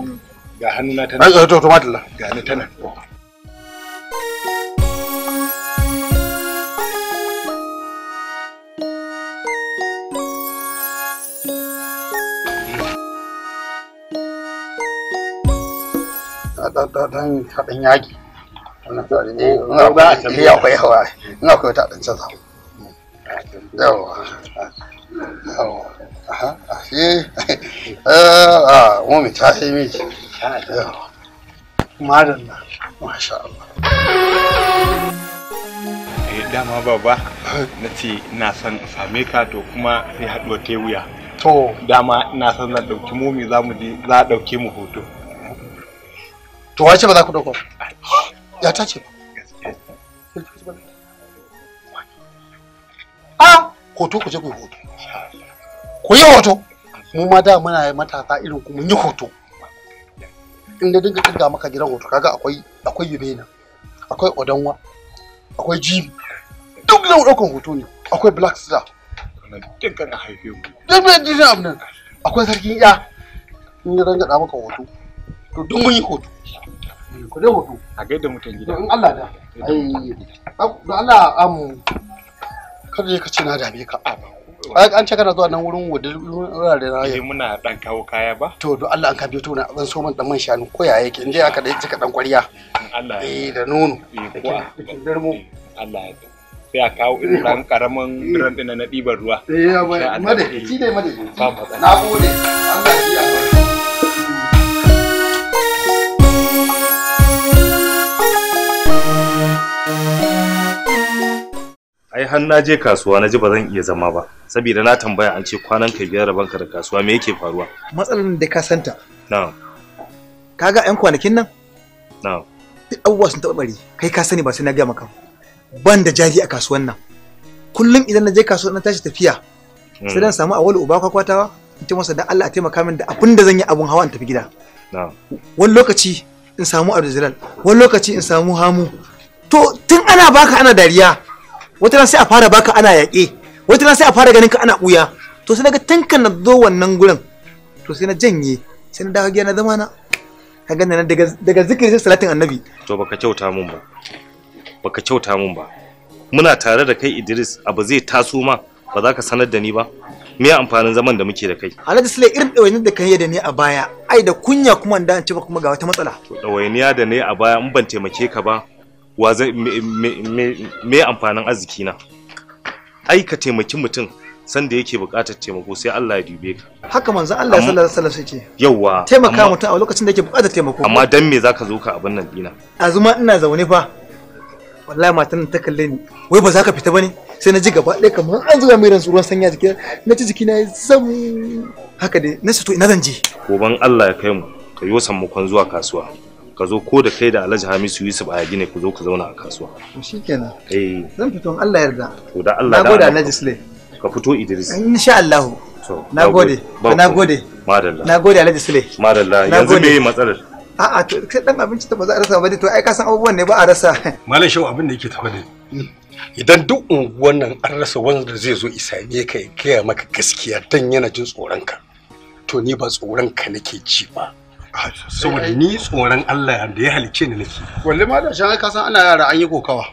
ga hannuna tana to to matalla ga ni tana oh. dan kaɗan yaƙi canza yawa a a ta masha Allah eh, dama baba na ce ina son same ka to kuma sai haɗuwa ta wuya to dama ina son na ɗauki momi za mu je za a ɗauke mu hoto to wace ba za ku dauko ya ta ce ba a hoto ku je ku hoto ku yi hoto mu ma da muna matasa irin ku mun yi hoto in da dinga maka gidan hoto kaga akwai akwai yubena akwai odanwa akwai jibi duk da daukan hoto ne akwai black star dukkan a haife mu duk abin akwai sarkin ya in da dinga maka hoto to duk mun yi hoto eh, ku dai hoto a gaida mutan gida in Allah da da Allah am kada ka ce na dame ka a ba an ce kana zuwa nan wurin wurare na yi eh, muna dan kawo kaya ba to don Allah an ka biyo na zan so man dan man shanu ko yaya yake inda aka dai cika dan kwariya Allah eh da nono eh ko eh, Allah ya sai a kawo irin dan karaman drum din na diban ruwa eh ya ba madadi shi dai madadi na gode Allah ya ai har na je kasuwa na ji ba zan iya zama ba saboda na tambaya an ce kwanan ka biyar ka da kasuwa me yake faruwa matsalar da ka santa na'am kaga yan kwanakin nan na'am duk abubuwa sun taɓa bari kai ka sani ba sai na gaya maka ban da jari a kasuwan nan kullum idan na je kasuwa na tashi tafiya hmm. sai dan samu awali uba kwakwatawa in ce masa dan Allah a taimaka min da abin da zan yi abun hawa in tafi gida wani lokaci in samu abdulzilal wani lokaci in samu hamu to tun ana baka ana dariya wata sai a fara baka ana yaƙe wata sai a fara ganin ka ana ɓuya to sai naga tankan na zo wannan gurin to sai na janye sai na dawo gida na zama na ka ganna nan daga zikiri sai salatin annabi to baka kyauta mun ba baka kyauta mun ba muna tare da kai Idris abu zai taso ma ba za ka sanar da ni ba me amfanin zaman da muke da kai alhaji sule irin ɗawainiyar da kai da ni a baya ai da kunya kuma da an ci ba kuma ga wata matsala to ɗawainiya da ni a baya in ban taimake ka ba wa zai me amfanin arziki na ai ka taimaki mutum sanda yake buƙatar taimako sai Allah ya dube ka haka manzo Allah sallallahu alaihi wasallam yake yawa taimaka mutum a lokacin da yake buƙatar taimako amma dan me zaka zo ka abin nan dina zuma ina zaune fa wallahi matan ta kalle ni wai ba za ka fita bane sai na ji gaba ɗaya kamar an zuba mai ransu ruwan sanya jiki na ci jiki na sam haka dai na to ina zan je goban Allah ya kai mu ka yi wasan mukon zuwa kasuwa ka zo ko da kai da Alhaji Hamisu Yusuf a gine ku zo ku zauna a kasuwa to shikenan eh zan fito in Allah yarda to da Allah da Nagode Alhaji Sule ka fito Idris insha Allah To. Nagode. nagode nagode madalla Nagode Alhaji Sule madalla yanzu me matsalar a'a to kai dan abinci ta ba za a rasa ba to ai ka san abubuwan ne ba a rasa malam shehu abin da yake tafa ne. idan duk unguwan nan an rasa wanda zai zo isame ka ya gaya maka gaskiya dan yana jin tsoron ka to ni ba tsoron ka nake ci ba saboda ni tsoron Allah da ya halice ni nake wallahi ma da shan ka san ana yara an yi kokawa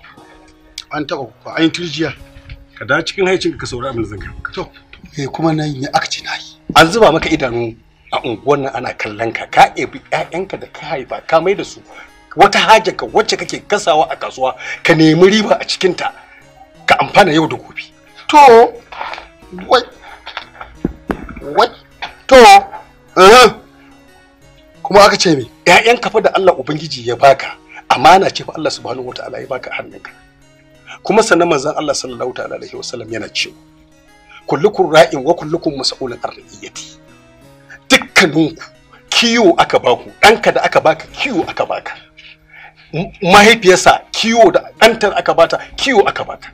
an taba kokawa an yi turjiya ka da cikin haicin ka saurari abin da to me eh, kuma nan ne aka ce nayi an zuba maka idanu a unguwar nan ana kallon ka ka ebi ƴaƴanka da ka haifa ka mai da su wata hajar ka wacce kake kasawa a kasuwa ka nemi riba a cikin ta ka amfana yau da gobe to wai wai to eh kuma aka ce me ƴaƴan kafa da Allah ubangiji ya baka amana ce fa Allah subhanahu wataala ya baka hannunka kuma sannan manzon Allah sallallahu ta'ala alaihi wasallam yana cewa kullukum ra'in wa kullukum mas'ulun an dukkaninku kiwo aka baku ɗanka da aka baka kiwo aka baka mahaifiyarsa kiwo da ɗantar aka bata kiwo aka baka.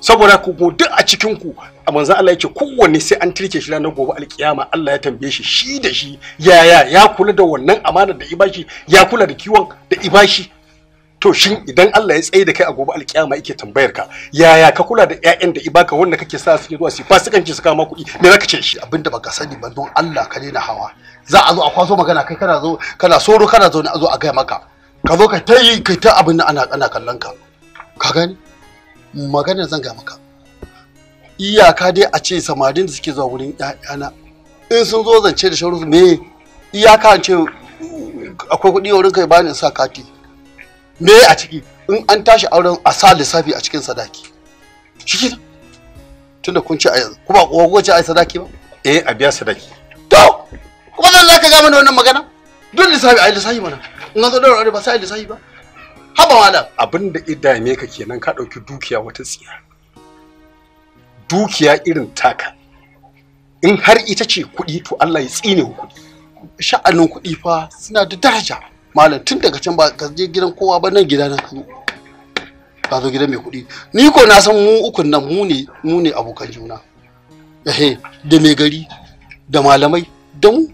saboda ku duk a cikin ku a manzo Allah yake kowanne sai an tirke shi ranar gobe alkiyama Allah ya tambaye shi shi da shi yaya ya kula da wannan amana da ibashi ya kula da kiwon da ibashi to shin idan Allah ya tsaye da kai a gobe alkiyama yake tambayar ka yaya ka kula da ƴaƴan da ibaka wanda kake sa su zuwa su fasikanci su kama kuɗi me zaka ce shi abinda baka sani ba don Allah ka daina hawa za a zo a kwaso magana kai kana zo kana soro kana zo a zo a gaya maka ka zo ka tayi kai ta abin ana ana kallon ka ka gani magana zan ga maka iyaka dai a ce samarin da suke zuwa wurin ƴaƴana in sun zo zance da shawararsu me iyaka an ce akwai kuɗi wurin kai bani sa kati me a ciki in an tashi auren a sa lissafi a cikin sadaki shi tunda kun ce a yanzu kuma ko ko ce a sadaki ba eh a biya sadaki to kuma zan zaka ga mana wannan magana duk lissafi a lissafi mana in an zo da aure ba sai lissafi ba haba wala abin da idame ka kenan ka ɗauki dukiya wata tsiya dukiya irin taka in har ita ce kuɗi to Allah ya tsine kuɗi sha'anin kuɗi fa suna da daraja malam tun daga can ba ka je gidan kowa ba nan gida na ka zo gidan mai kuɗi ni ko na san mu ukun nan mu ne mu ne abokan juna ehe da mai gari da malamai da mu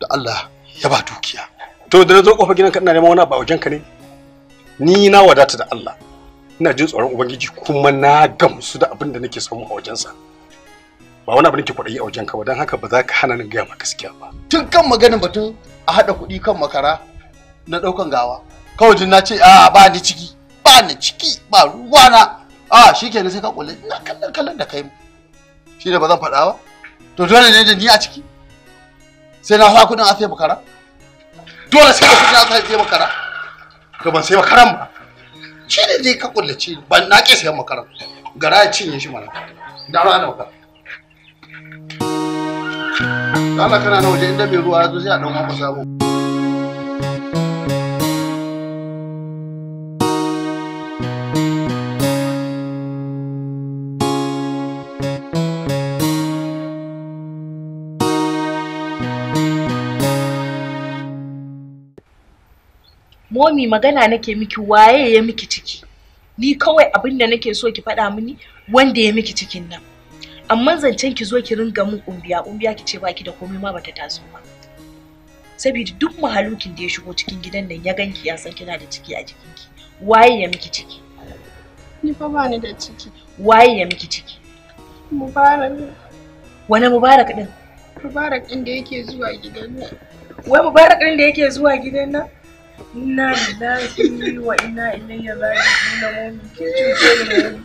da Allah ya ba dukiya to da na zo kofar gidan ka ina neman wani abu a wajen ka ne ni na wadata da Allah ina jin tsoron ubangiji kuma na gamsu da abin da nake samu a wajensa ba wani abu nake kwaɗayi a wajenka ba don haka ba za ka hana ni gaya ma gaskiya ba tun kan maganin batun a haɗa kuɗi kan makara na ɗaukan gawa kawai na ce a ba ni ciki ba ni ciki ba ruwana a shi kenan sai ka kulle ina kallon kallon da kai mu shi da ba zan faɗa ba to dole ne da ni a ciki sai na sa kuɗin a sai makara dole sai ka kuɗin a sai makara to ban sai makaran ba shi ne zai ka kullace ban na ke sayan makaran gara ya cinye shi mana da ruwa da makaran Allah kana na waje inda bai ruwa ya zo sai a dan wani sabo momi magana nake miki waye ya miki ciki ni kawai abin da nake so ki faɗa mini wanda ya miki cikin nan amma zancen ki zo ki ringa min kumbiya kumbiya ki ce baki da komai ma bata taso ba saboda duk mahalukin da ya shigo cikin gidan nan ya ganki ya san kina da ciki a jikinki waye ya miki ciki ni fa ba ni da ciki waye ya miki ciki mubarak wani mubarak din mubarak din da yake zuwa gidan nan wai mubarak din da yake zuwa gidan nan inna lillahi wa inna ilayhi raji'un momi kin cuce ni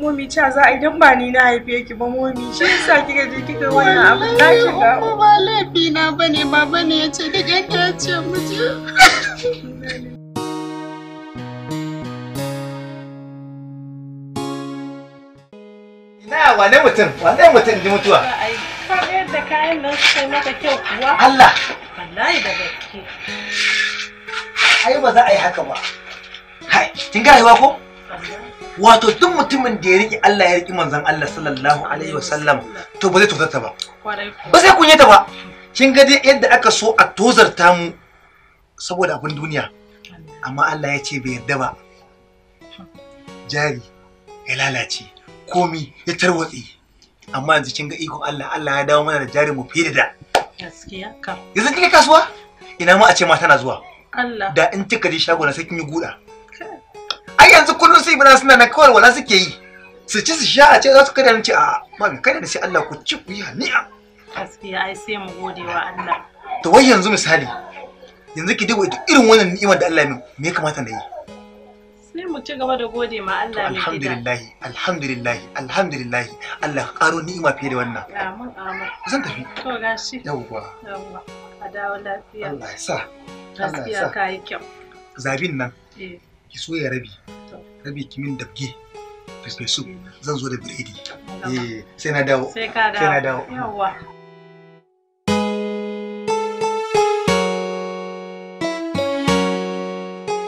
momi cha za idan ba ni na haife ki ba momi shi yasa kika je kika wannan abin na shiga ko ba laifi na bane ba bane yace duk yadda yace wane mutum? Wane mutum ji mutuwa? Ka yadda kayan nan suka maka kyau kuwa? Allah! Wallahi da gaske. ai ba za a yi haka ba kai kin ga rayuwa ko wato duk mutumin da ya riƙe Allah ya riki manzon Allah sallallahu alaihi wasallam to ba zai tozarta ba ba zai ta ba kin ga dai yadda aka so a tozarta mu saboda abin duniya amma Allah ya ce bai yarda ba jari ya lalace komi ya tarwatse amma yanzu kin ga ikon Allah Allah ya dawo mana da jari mu fiye da da gaskiya ka yanzu kike kasuwa ina ma a ce ma tana zuwa da in kika je shago na sai kin yi guda ai yanzu kullum su ibra suna na kawai wala suke yi su ci su sha a ce za su kada ce a mami kada sai Allah ku ci ku yi hani'a gaskiya ai sai mu gode wa Allah to wai yanzu misali yanzu ki duba irin wannan ni'imar da Allah ya min me ya kamata na yi sai mu ci gaba da gode ma Allah mai alhamdulillah alhamdulillah alhamdulillah Allah karo ni'ima fiye da wannan amin amin zan tafi to gashi yawwa yawwa a dawo lafiya Allah ya sa gaskiya ka yi kyau zabin nan eh. ki soya rabi rabi ki min dabge fesfesu eh. zan zo da biredi eh sai na dawo sai ka dawo sai na dawo yawa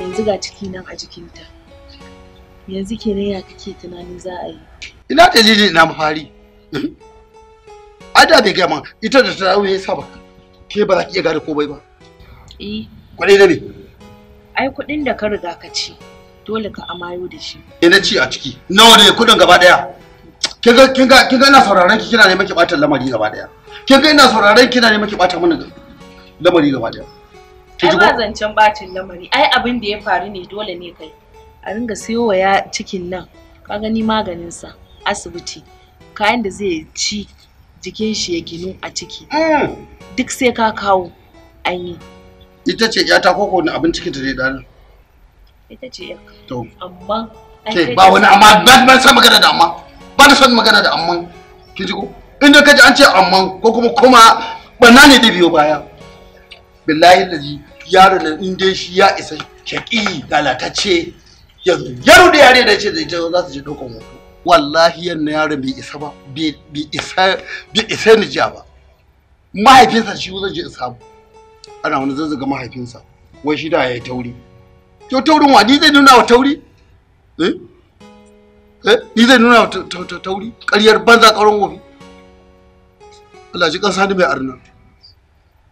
yanzu ga ciki nan a jikinta yanzu kenan ya kake tunanin za a yi ina dalilin na mafari ada bai gama ita da ta ya saba ke ba za ki iya gane komai ba eh kuɗi na ne ai kuɗin da ka riga ka ci dole ka amayo da shi ina eh, ci a ciki nawa ne kuɗin gaba ɗaya kin ga kin ga kin ga ina sauraron ki kina ne miki ɓata lamari gaba ɗaya kin ga ina sauraron kina ne miki ɓata mana lamari gaba ɗaya ai ba zancen ɓacin lamari ai abin da ya faru ne dole ne kai a ringa siyo wa ya cikin nan ka gani maganinsa asibiti kayan da zai ci jikin shi ya ginu a ciki mm. duk sai ka kawo an yi ita ce ta koko ne abin cikin ta ne ɗanin ita ce yaka to amma ke ba wani amma ba na san magana da amma ba na san magana da amma ki ji ko inda kaji an ce amma ko kuma kuma banna ne da biyo baya billahi lazi yaro nan in dai shi ya isa shaki lalatacce yanzu yaro da yare da ce zai ta za su je ɗaukan hoto wallahi yanna yaro bai isa ba bai isa bai isa ni jiya ba mahaifinsa shi zai je samu ana wani zazzaga mahaifinsa wai shi da ya tauri to taurin wa ni zai nuna wa tauri eh eh ni zai nuna wa tauri ƙaryar banza ƙaron wofi Allah ji kansa ni mai arna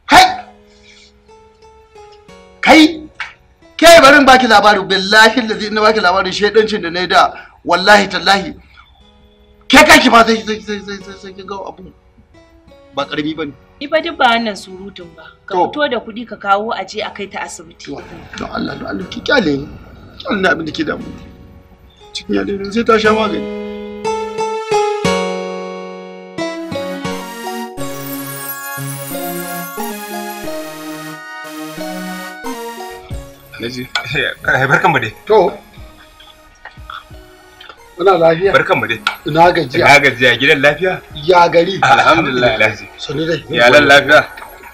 kai kai kai barin baki labari billahi lazi ina baki labari shaidancin da na yi da wallahi tallahi ke ki ba sai sai sai sai sai ga abu ba karbi bane Ni ba duk ba wannan surutun ba. Ka fito da kuɗi ka kawo a je a kai ta asibiti. Don Allah don Allah ki kyale ni. Kyale ni abin da ke damu. Cikin yadda sai ta sha magani. Alhaji, eh, eh, barkan mu dai. To, Muna lafiya. Barkan mu dai. Ina gajiya. Ina gajiya gidan lafiya? Ya gari. Alhamdulillah. Sani dai. Ya lan lafiya.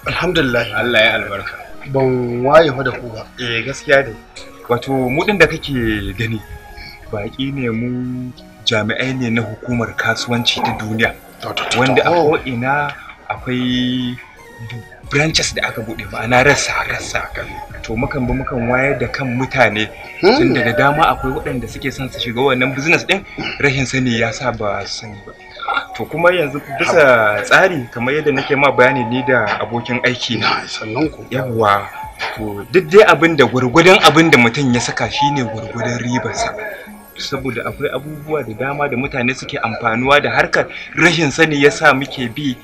Alhamdulillah. Allah ya albarka. Ban waye fa da ku ba. Eh gaskiya dai. Wato mu din da kake gani baki ne mu jami'ai ne na hukumar kasuwanci ta duniya. Wanda a ina akwai branches da aka bude ma'ana rassa rassa to mukan bi mukan wayar da kan mutane hmm. tun daga dama akwai waɗanda suke son su shiga wannan business din rashin sani ya sa ba sani ba to kuma yanzu bisa tsari kamar yadda nake ma bayani ni da abokin aiki na sannan ku yawa to duk dai abin da gurgurdan abin da mutum ya saka shine gurgurdan ribarsa saboda akwai abubuwa da dama da mutane suke amfanuwa da harkar rashin sani ya sa muke bi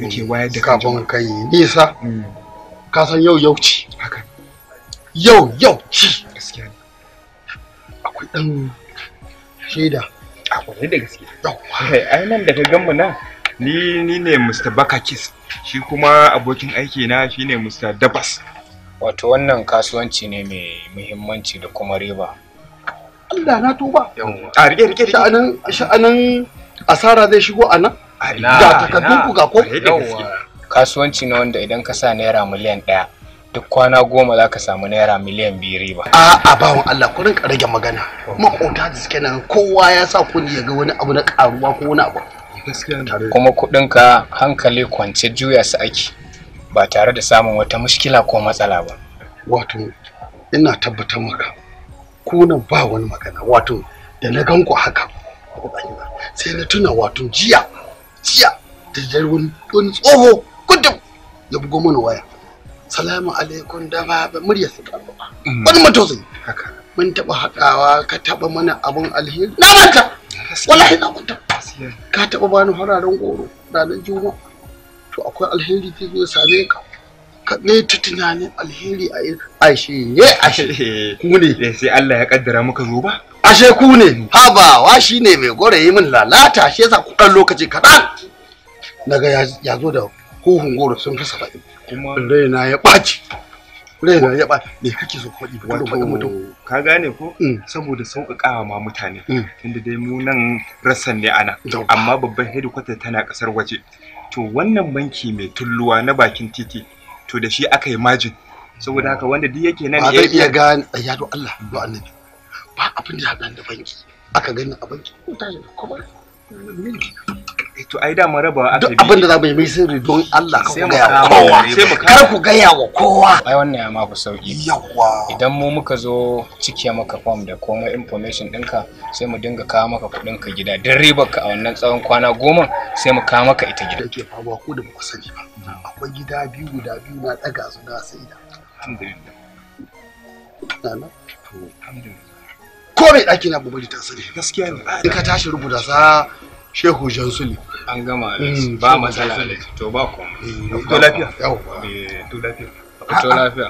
muke wayar da kafin kai nisa mm. ka san yau yau ci haka yau yau ci gaskiya ne akwai dan shaida akwai da da gaske ai nan da ka gan mu nan ni ni ne Mr. Bakakis shi kuma abokin aiki na shine Mr. Dabas wato wannan kasuwanci ne mai muhimmanci da kuma riba Allah na tuba a ah, rike rike sha'anin sha'anin asara zai shigo a nan ga takardun ku ga ko kasuwanci na wanda idan ka sa naira miliyan ɗaya duk kwana goma za ka samu naira miliyan biyu riba. A a bawan Allah ku rinka rage magana. Makota da suke nan kowa ya sa kuni ya ga wani abu na karuwa ko wani abu. Kuma kuɗin ka hankali kwance juya su ake ba tare da samun wata mushkila ko matsala ba. Wato ina tabbatar maka kunan ba wani magana wato da na gan ku haka sai na tuna wato jiya jiya da jar wani tsoho kudin ya bugo mana waya salamu alaikum da ba murya su mm. wani matosin haka mun taba haɗawa ka taba mana abun alheri na manta wallahi na manta ka taba bani hararen goro ranar juma'a to akwai alheri zai zo ya same ka kaɗai ta tunanin alheri a ashe ne ashe ku ne eh, sai Allah ya kaddara muka zo ba ashe ku ne habawa shi ne mai gore yi min lalata shi yasa ku lokaci kaɗan daga ya zo da huhun goro sun fi saba'in kuma raina ya ɓaci raina ya ɓaci me kake so kuma ibi wato mutum ka gane ko mm. saboda sauƙaƙawa ma mutane mm. tunda dai mu nan rassan ne ana amma babban hedikwata tana ƙasar waje to wannan banki mai tulluwa na bakin titi to da shi aka yi majin saboda haka wanda duk yake nan ya iya gane ya do Allah ba annabi ba abin da ya da banki aka gani a banki ko tashi kuma Eh, to ai da rabawa aka duk abinda za mu yi mai sirri don Allah ka gaya wa kowa kar ku gaya wa kowa ai wannan ya maku sauki yawa idan mu muka zo cike maka form da komai information dinka, sai mu dinga kawo maka kudin ka gida dan ribar ka a wannan tsawon kwana goma sai mu kawo maka ita gida ke faruwa ko da muka sani ba akwai gida biyu guda biyu na ɗaga su na sai da alhamdulillah ko mai daki na bubali ta sani gaskiya ne ka tashi rubuta sa shehu jansu ne an gama mm, ba matsala to ba ku eh, eh, to lafiya yawwa to lafiya to lafiya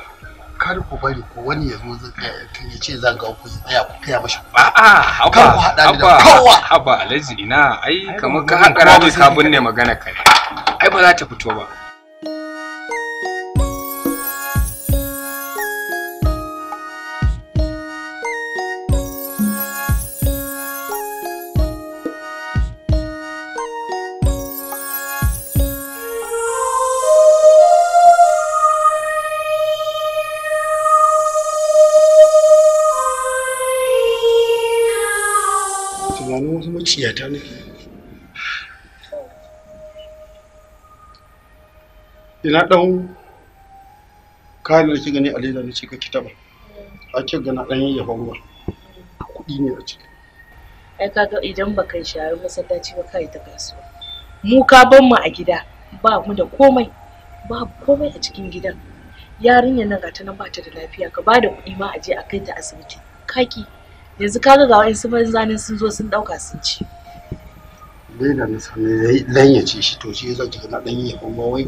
kar ku bari ko wani ya zo ya ce zan ga ku tsaya ku kaya mashi a'a da haba haba alaji ina ai kamar ka hankara ka binne magana kai ai ba za ta fito ba ina dan kayan da gani a leda ne cika kitaba ake gana dan yayya ruwa kuɗi ne a cikin ai kaga idan ba kai share masallaci ba kai ta kasuwa mu ka ban mu a gida ba mu da komai babu komai a cikin gidan yarinyar nan gata nan bata da lafiya ka da kuɗi ma a je a kai ta asibiti kaki yanzu kaga ga wa'ansu banzanin sun zo sun ɗauka sun ci leda na sami dan ce shi to shi ya zaki na dan yayya ruwa wai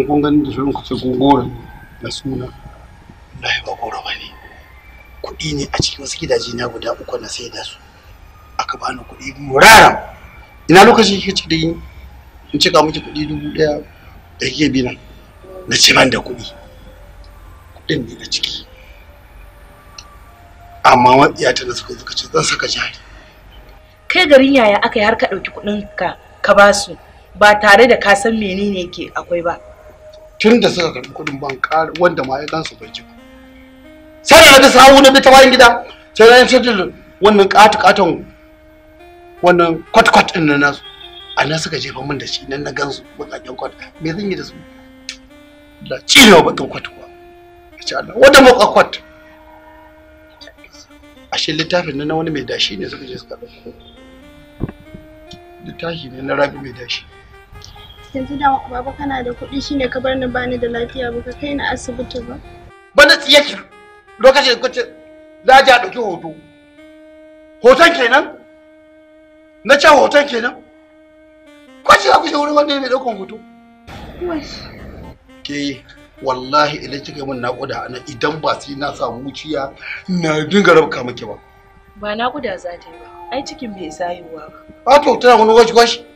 kun da na suna kuɗi ne a wasu gidaje na guda uku na da su aka bani kuɗi murara ina lokacin da yi kuɗi dubu ɗaya da bi na ce man da kuɗi kuɗin ne ciki amma suka suka ce zan saka jari kai garin yaya aka yi har ka ɗauki kuɗin ka ka ba su ba tare da ka san menene ke akwai ba tun da suka karbi kuɗin ban ƙara wanda ma ya gansu bai ji sai da samu na ta bayan gida sai na yanzu da wannan katu ƙaton wannan kwat-kwat ɗin na nasu a nan suka jefa min da shi nan na gansu bakakken kwat me zan yi da su da cirewa bakin kwat kuwa insha Allah wata moƙa kwat ashe littafin na wani mai dashi ne suka je suka dauko littafi ne na rabi mai dashi yanzu da baba kana da kuɗi shine ka bar ni ba ni da lafiya ba ka kai ni asibiti ba bana tsiyaki lokacin ce za ji a ɗauki hoto hoton kenan na ce hoton kenan kwace za ku je wurin wanda ya mai ɗaukan hoto ke wallahi idan kika yi min naƙuda ana idan ba sai na sa muciya na dinga rabka miki ba ba naƙuda za ta yi ba ai cikin bai isa yiwuwa ba ba to tana wani gwashi gwashi